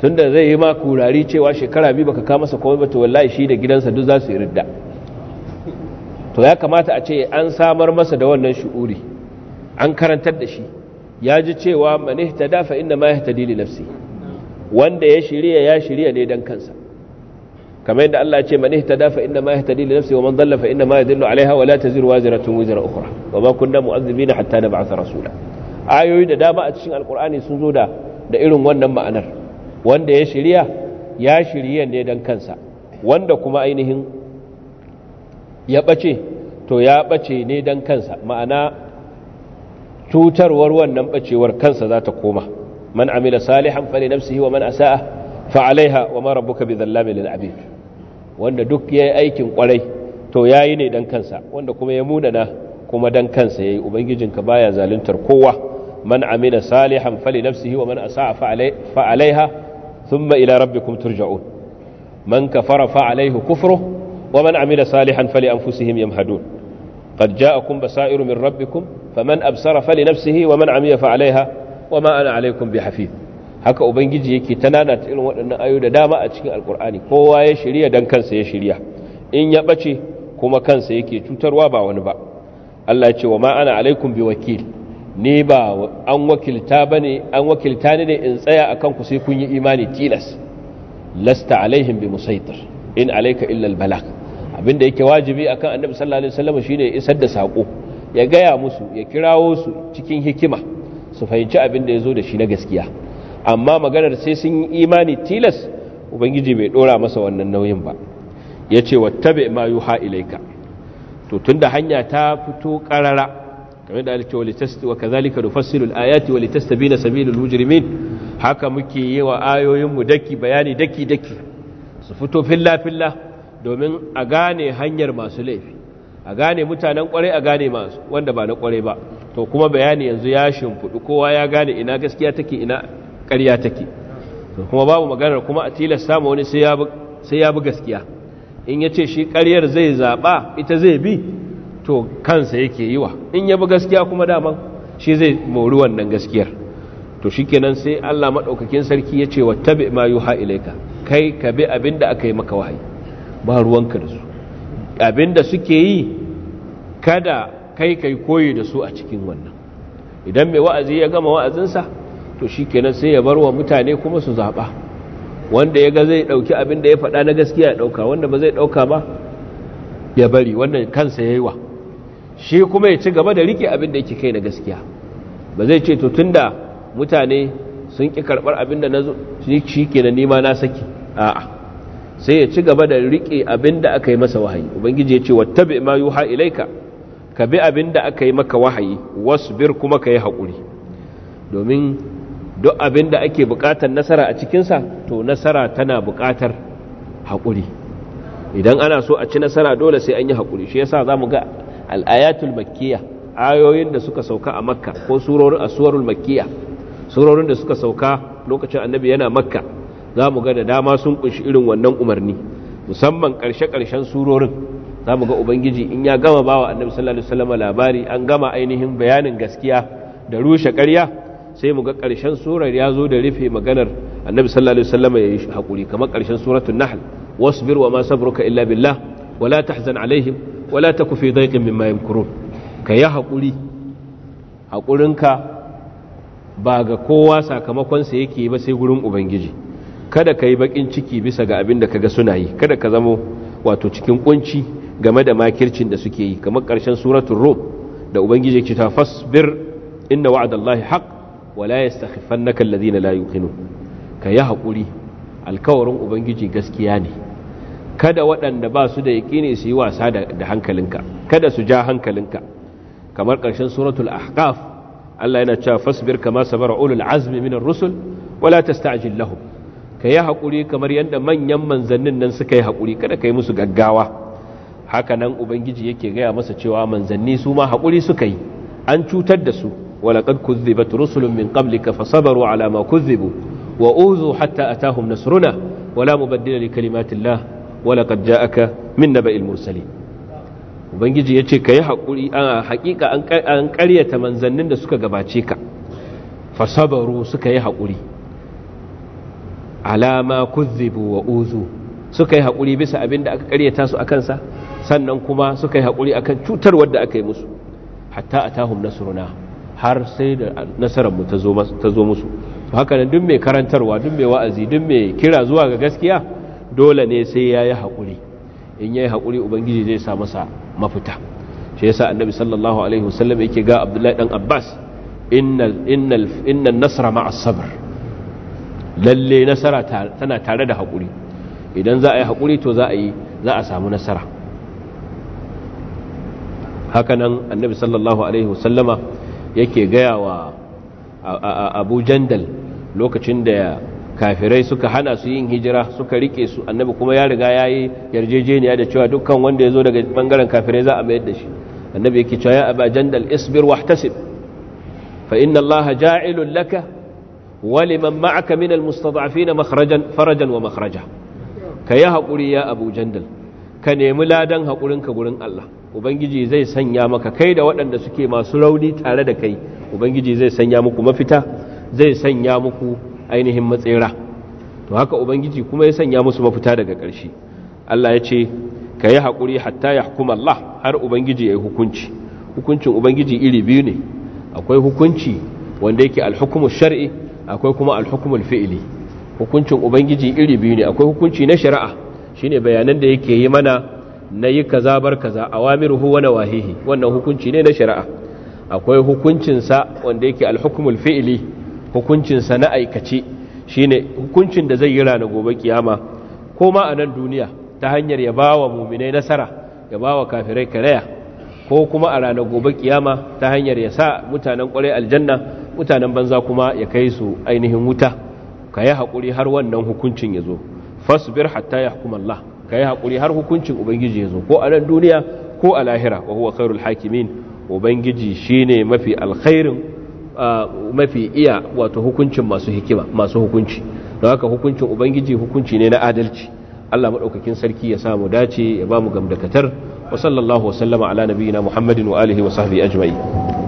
tun da zai yi ma kurari cewa shekara biyu baka ka masa komai ba to wallahi shi da gidansa duk za su yi ridda to ya kamata a ce an samar masa da wannan shu'uri an karantar da shi ya ji cewa manihtada fa inna ma yahtadi li nafsi wanda ya shirya ya shirya ne dan kansa kamar yadda Allah ya ce man ihtada fa inna ma yahtadi li nafsihi wa man dhalla fa inna ma yadhillu 'alayha wa la taziru waziratun wizra ukura. wa ma kunna mu'adhibina hatta nab'atha rasula ayoyi da dama a cikin alqur'ani sun zo da da irin wannan ma'anar wanda ya shirya ya shirya ne dan kansa wanda kuma ainihin ya bace to ya bace ne dan kansa ma'ana cutarwar wannan bacewar kansa za ta koma man amila salihan fali nafsihi wa man asa'a fa alaiha wa ma rabbuka bi dhallamin lil abid wanda duk yayi aikin kwarai to yayi ne dan kansa wanda kuma ya munana kuma dan kansa yayi ubangijinka baya zaluntar kowa man amila salihan fali nafsihi wa man asa'a fa alaiha thumma ila rabbikum man fa wa man salihan fali قد جاءكم بصائر من ربكم فمن أبصر فلنفسه ومن عمي فعليها wa ma ana alaikum bi hafiz haka ubangiji yake tanana ta irin waɗannan ayo da dama a cikin alkur'ani kowa ya shirya dan kansa ya shirya in ya bace kuma kansa yake cutarwa ba wani ba Allah ya ce wa ma ana alaikum bi wakil ne ba an wakilta bane an wakilta ne in tsaya akan ku sai kun yi imani tilas lasta alaihim bi musaitir in alayka illa albalag abinda yake wajibi akan annabi sallallahu alaihi wasallam shine isar da sako ya gaya musu ya kirawo su cikin hikima su fahimci abin da ya zo da shi na gaskiya amma maganar sai sun yi imani tilas ubangiji bai dora masa wannan nauyin ba ya ce wattabe ma yuha ilaika to tunda hanya ta fito karara kamar da alce wa litasti wa kazalika nufassilu alayati bi na sabilul mujrimin haka muke yi wa ayoyinmu daki bayani daki daki su fito filla filla domin a gane hanyar masu laifi a gane mutanen kwarai a gane masu wanda ba na kwarai ba to kuma bayani yanzu ya shimfiɗu kowa ya gane ina gaskiya take ina ƙarya take kuma babu maganar kuma a tilasta ma wani sai ya bi gaskiya in ya ce shi ƙaryar zai zaɓa ita zai bi to kansa yake yiwa in ya bi gaskiya kuma dama? shi zai mori wannan gaskiyar to shi kenan sai allah maɗaukakin sarki ya ce wa tabi ma yuha ilaika kai ka bi abin da aka yi maka wahayi ba ruwanka da su abin da suke yi kada kai kai koyi da su a cikin wannan idan mai wa'azi ya gama wa'azinsa to shi kenan sai ya bar wa mutane kuma su zaɓa wanda ya ga zai ɗauki abin da ya faɗa na gaskiya ya ɗauka wanda ba zai ɗauka ba ya bari wannan kansa ya yi wa shi kuma ya ci gaba da riƙe abin da yake kai na gaskiya ba zai ce to tunda mutane sun ƙi karɓar abin da na zo shi kenan nima na saki a'a sai ya ci gaba da riƙe abin da aka yi masa wahayi ubangiji ya ce wattabi ma yuha ilaika ka bi abin da aka yi maka wahayi wasu bir kuma ka yi haƙuri domin duk abin da ake buƙatar nasara a cikinsa to nasara tana buƙatar haƙuri idan ana so a ci nasara dole sai an yi haƙuri shi yasa za mu ga al'ayatul makkiya ayoyin da suka sauka a makka ko surorin asuwarul makkiya surorin da suka sauka lokacin annabi yana makka za mu ga da dama sun kunshi irin wannan umarni musamman ƙarshe-ƙarshen surorin za mu ga ubangiji in ya gama ba wa annabi sallallahu alaihi wasallam labari an gama ainihin bayanin gaskiya da rushe ƙarya sai mu ga ƙarshen surar ya zo da rufe maganar annabi sallallahu alaihi wasallam ya yi hakuri kamar ƙarshen suratul nahl wasbir wa ma sabruka illa billah wala tahzan alaihim wala taku fi dhayqin mimma yamkurun ka yi hakuri hakurinka ba ga kowa sakamakon sa yake ba sai gurin ubangiji kada ka yi bakin ciki bisa ga abin da kaga suna yi kada ka zamo wato cikin kunci game da makircin da suke yi kamar ƙarshen suratul rum da ubangiji ya ce ta fasbir inna wa'adallahi haqq wa la yastakhifannaka alladhina la yuqinun ka yi hakuri alkawarin ubangiji gaskiya ne kada waɗanda ba su da yaƙini su yi wasa da hankalinka kada su ja hankalinka kamar ƙarshen suratul ahqaf Allah yana cewa fasbir kama sabara ulul azmi minar rusul wala tasta'jil lahum ka yi haƙuri kamar yadda manyan manzannin nan suka yi hakuri kada ka yi musu gaggawa haka nan ubangiji yake gaya masa cewa manzanni su ma haƙuri suka yi an cutar da su walaƙad kuzzibat rusulun min qablika fasabaru ala ma kuzzibu wa uzu hatta atahum nasruna wala mubaddila li kalimatillah walaqad ja'aka min naba'il mursalin ubangiji yace kai haƙuri an haƙiƙa an ƙaryata manzannin da suka gabace ka fasabaru suka yi haƙuri alama kuzzibu wa uzu suka yi haƙuri bisa abin da aka ƙaryata su a kansa sannan kuma suka yi haƙuri akan cutar wadda aka yi musu hatta a tahun nasuruna har sai da nasararmu ta zo musu haka nan duk mai karantarwa duk mai wa'azi duk mai kira zuwa ga gaskiya dole ne sai ya yi haƙuri in ya yi haƙuri ubangiji zai sa masa mafita shi yasa annabi sallallahu alaihi wasallam yake ga abdullahi dan abbas innal nasara ma'as sabr lalle nasara tana tare da haƙuri idan za a yi haƙuri to za a yi za a samu nasara hakanan annabi sallallahu alaihi wasallama yake gaya wa abu jandal lokacin da kafirai suka hana su yin hijira suka rike su annabi kuma ya riga ya yi yarjejeniya da cewa dukkan wanda ya zo daga bangaren kafirai za a mayar da shi annabi yake cewa ya ba jandal isbir wahtasib fa inna allaha ja'ilun laka wa liman ma'aka min almustad'afina farajan wa makhraja ka yi haƙuri ya abu jandal ka nemi ladan haƙurinka gurin Allah ubangiji zai sanya maka kai da waɗanda suke masu rauni tare da kai ubangiji zai sanya muku mafita zai sanya muku ainihin matsera to haka ubangiji kuma ya sanya musu mafita daga ƙarshe Allah ya ce ka yi haƙuri hatta ya hukuma Allah har ubangiji ya yi hukunci hukuncin ubangiji iri biyu ne akwai hukunci wanda yake alhukumu shar'i akwai kuma alhukumul fi'ili hukuncin ubangiji iri biyu ne akwai hukunci na shari'a shine bayanan da yake yi mana na yi kaza bar kaza awamiruhu wa nawahihi wannan hukunci ne na shari'a akwai hukuncin sa wanda yake alhukmul fi'li hukuncin sa na aikace shine hukuncin da zai yi rana gobe kiyama ko ma a nan duniya ta hanyar ya bawa mu'minai nasara ya bawa kafirai karaya ko kuma a ranar gobe kiyama ta hanyar ya sa mutanen kwarai aljanna mutanen banza kuma ya kai su ainihin wuta ka yi haƙuri har wannan hukuncin ya zo fasbir hatta ya hukuma Allah ka yi haƙuri har hukuncin ubangiji ya zo ko a nan duniya ko a lahira wa huwa khairul hakimin ubangiji shine mafi alkhairin mafi iya wato hukuncin masu hikima masu hukunci don haka hukuncin ubangiji hukunci ne na adalci Allah maɗaukakin sarki ya samu dace ya ba mu gamdakatar wa sallallahu wa sallama ala nabiyina Muhammadin wa alihi wa sahbihi ajma'in